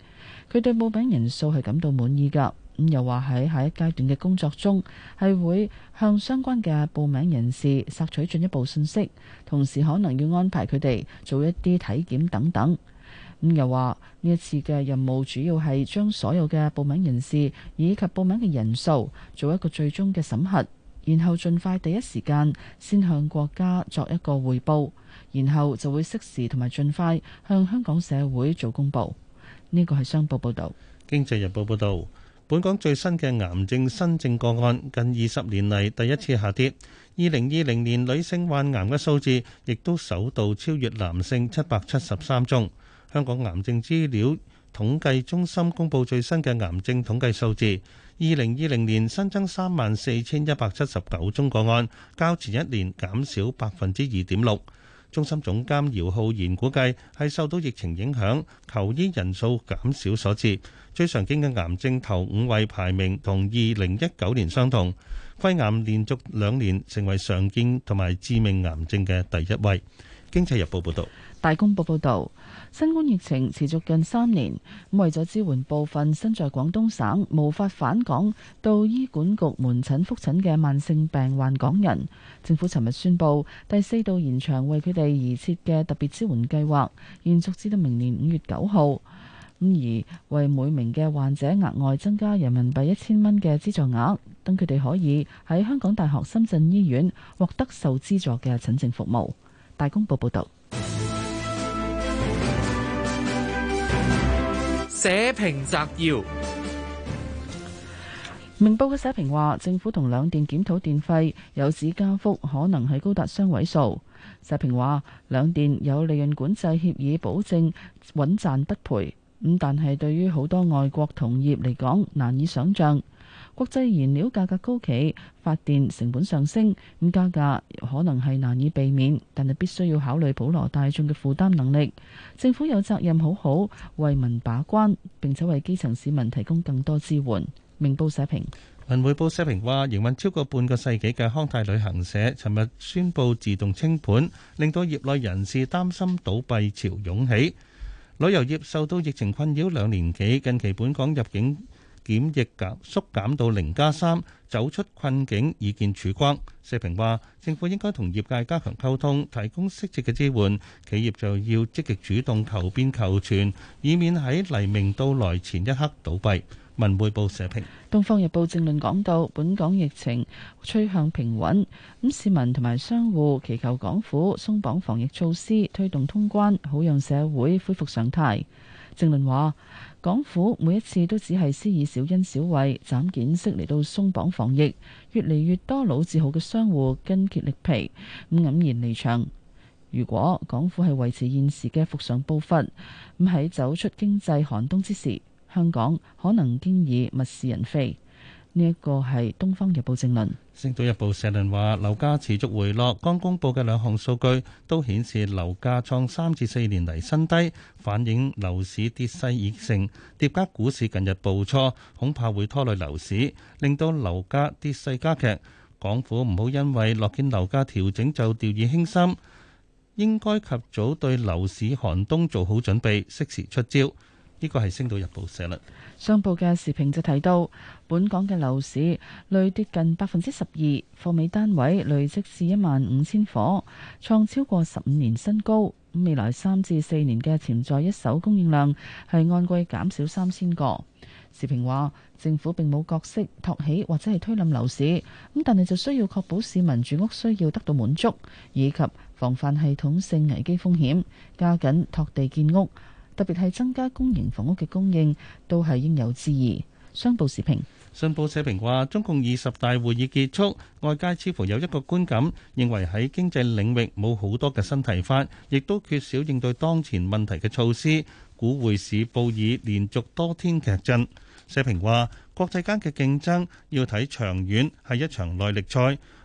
佢對報名人數係感到滿意㗎。咁又話喺下一階段嘅工作中係會向相關嘅報名人士索取進一步信息，同時可能要安排佢哋做一啲體檢等等。咁又話呢一次嘅任務主要係將所有嘅報名人士以及報名嘅人數做一個最終嘅審核，然後盡快第一時間先向國家作一個匯報，然後就會適時同埋盡快向香港社會做公布。呢個係商報報道，《經濟日報》報道。本港最新嘅癌症新症個案近二十年嚟第一次下跌，二零二零年女性患癌嘅數字亦都首度超越男性七百七十三宗。香港癌症資料統計，統計中心公布最新嘅癌症統計數字，二零二零年新增三萬四千一百七十九宗個案，較前一年減少百分之二點六。中心總監姚浩然估計，係受到疫情影響，求醫人數減少所致。最常見嘅癌症頭五位排名同二零一九年相同，肺癌連續兩年成為常見同埋致命癌症嘅第一位。經濟日報報導。大公報報導，新冠疫情持續近三年，咁為咗支援部分身在廣東省無法返港到醫管局門診覆診嘅慢性病患港人，政府尋日宣布第四度延長為佢哋而設嘅特別支援計劃，延續至到明年五月九號。咁而為每名嘅患者額外增加人民幣一千蚊嘅資助額，等佢哋可以喺香港大學深圳醫院獲得受資助嘅診症服務。大公報報道。社評摘要：明報嘅社評話，政府同兩電檢討電費，有指加幅可能係高達雙位數。社評話，兩電有利潤管制協議，保證穩賺不賠。咁但係對於好多外國同業嚟講，難以想像。國際燃料價格高企，發電成本上升，咁加價可能係難以避免，但係必須要考慮普羅大眾嘅負擔能力。政府有責任好好為民把關，並且為基層市民提供更多支援。明報社評，文匯報社評話，營運超過半個世紀嘅康泰旅行社，尋日宣布自動清盤，令到業內人士擔心倒閉潮湧起。旅遊業受到疫情困擾兩年幾，近期本港入境檢疫減縮減到零加三，3，走出困境已見曙光。社評話：政府應該同業界加強溝通，提供適切嘅支援，企業就要積極主動求變求存，以免喺黎明到來前一刻倒閉。文匯報社評，《東方日報正論》講到，本港疫情趨向平穩，咁市民同埋商戶祈求港府鬆綁防疫措施，推動通關，好讓社會恢復常態。正論話，港府每一次都只係施以小恩小惠，斬件式嚟到鬆綁防疫，越嚟越多老字號嘅商戶筋竭力疲，咁黯然離場。如果港府係維持現時嘅復上步伐，咁喺走出經濟寒冬之時，香港可能經已物是人非，呢一個係《東方日報》正論。《星島日報》社論話：樓價持續回落，剛公佈嘅兩項數據都顯示樓價創三至四年嚟新低，反映樓市跌勢已成。疊加股市近日暴挫，恐怕會拖累樓市，令到樓價跌勢加劇。港府唔好因為樂見樓價調整就掉以輕心，應該及早對樓市寒冬做好準備，適時出招。呢個係《星島日報》社啦。上報嘅時評就提到，本港嘅樓市累跌近百分之十二，貨尾單位累積至一萬五千個，創超過十五年新高。未來三至四年嘅潛在一手供應量係按季減少三千個。時評話，政府並冇角色托起或者係推冧樓市，咁但係就需要確保市民住屋需要得到滿足，以及防範系統性危機風險，加緊托地建屋。特別係增加公營房屋嘅供應，都係應有之義。商報時評，信報社評話，中共二十大會議結束，外界似乎有一個觀感，認為喺經濟領域冇好多嘅新提法，亦都缺少應對當前問題嘅措施，股匯市報以連續多天劇震。社評話，國際間嘅競爭要睇長遠，係一場耐力賽，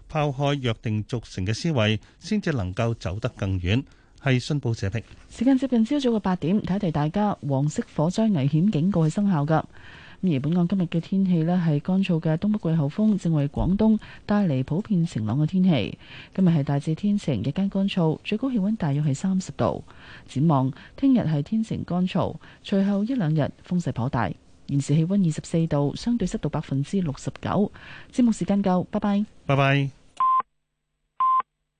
拋開約定俗成嘅思維，先至能夠走得更遠。係信報社的。時間接近朝早嘅八點，提提大家黃色火災危險警告係生效噶。咁而本案今日嘅天氣呢，係乾燥嘅東北季候風，正為廣東帶嚟普遍晴朗嘅天氣。今日係大致天晴，日間乾燥，最高氣溫大約係三十度。展望聽日係天晴乾燥，隨後一兩日風勢頗大。現時氣溫二十四度，相對濕度百分之六十九。節目時間夠，拜拜，拜拜。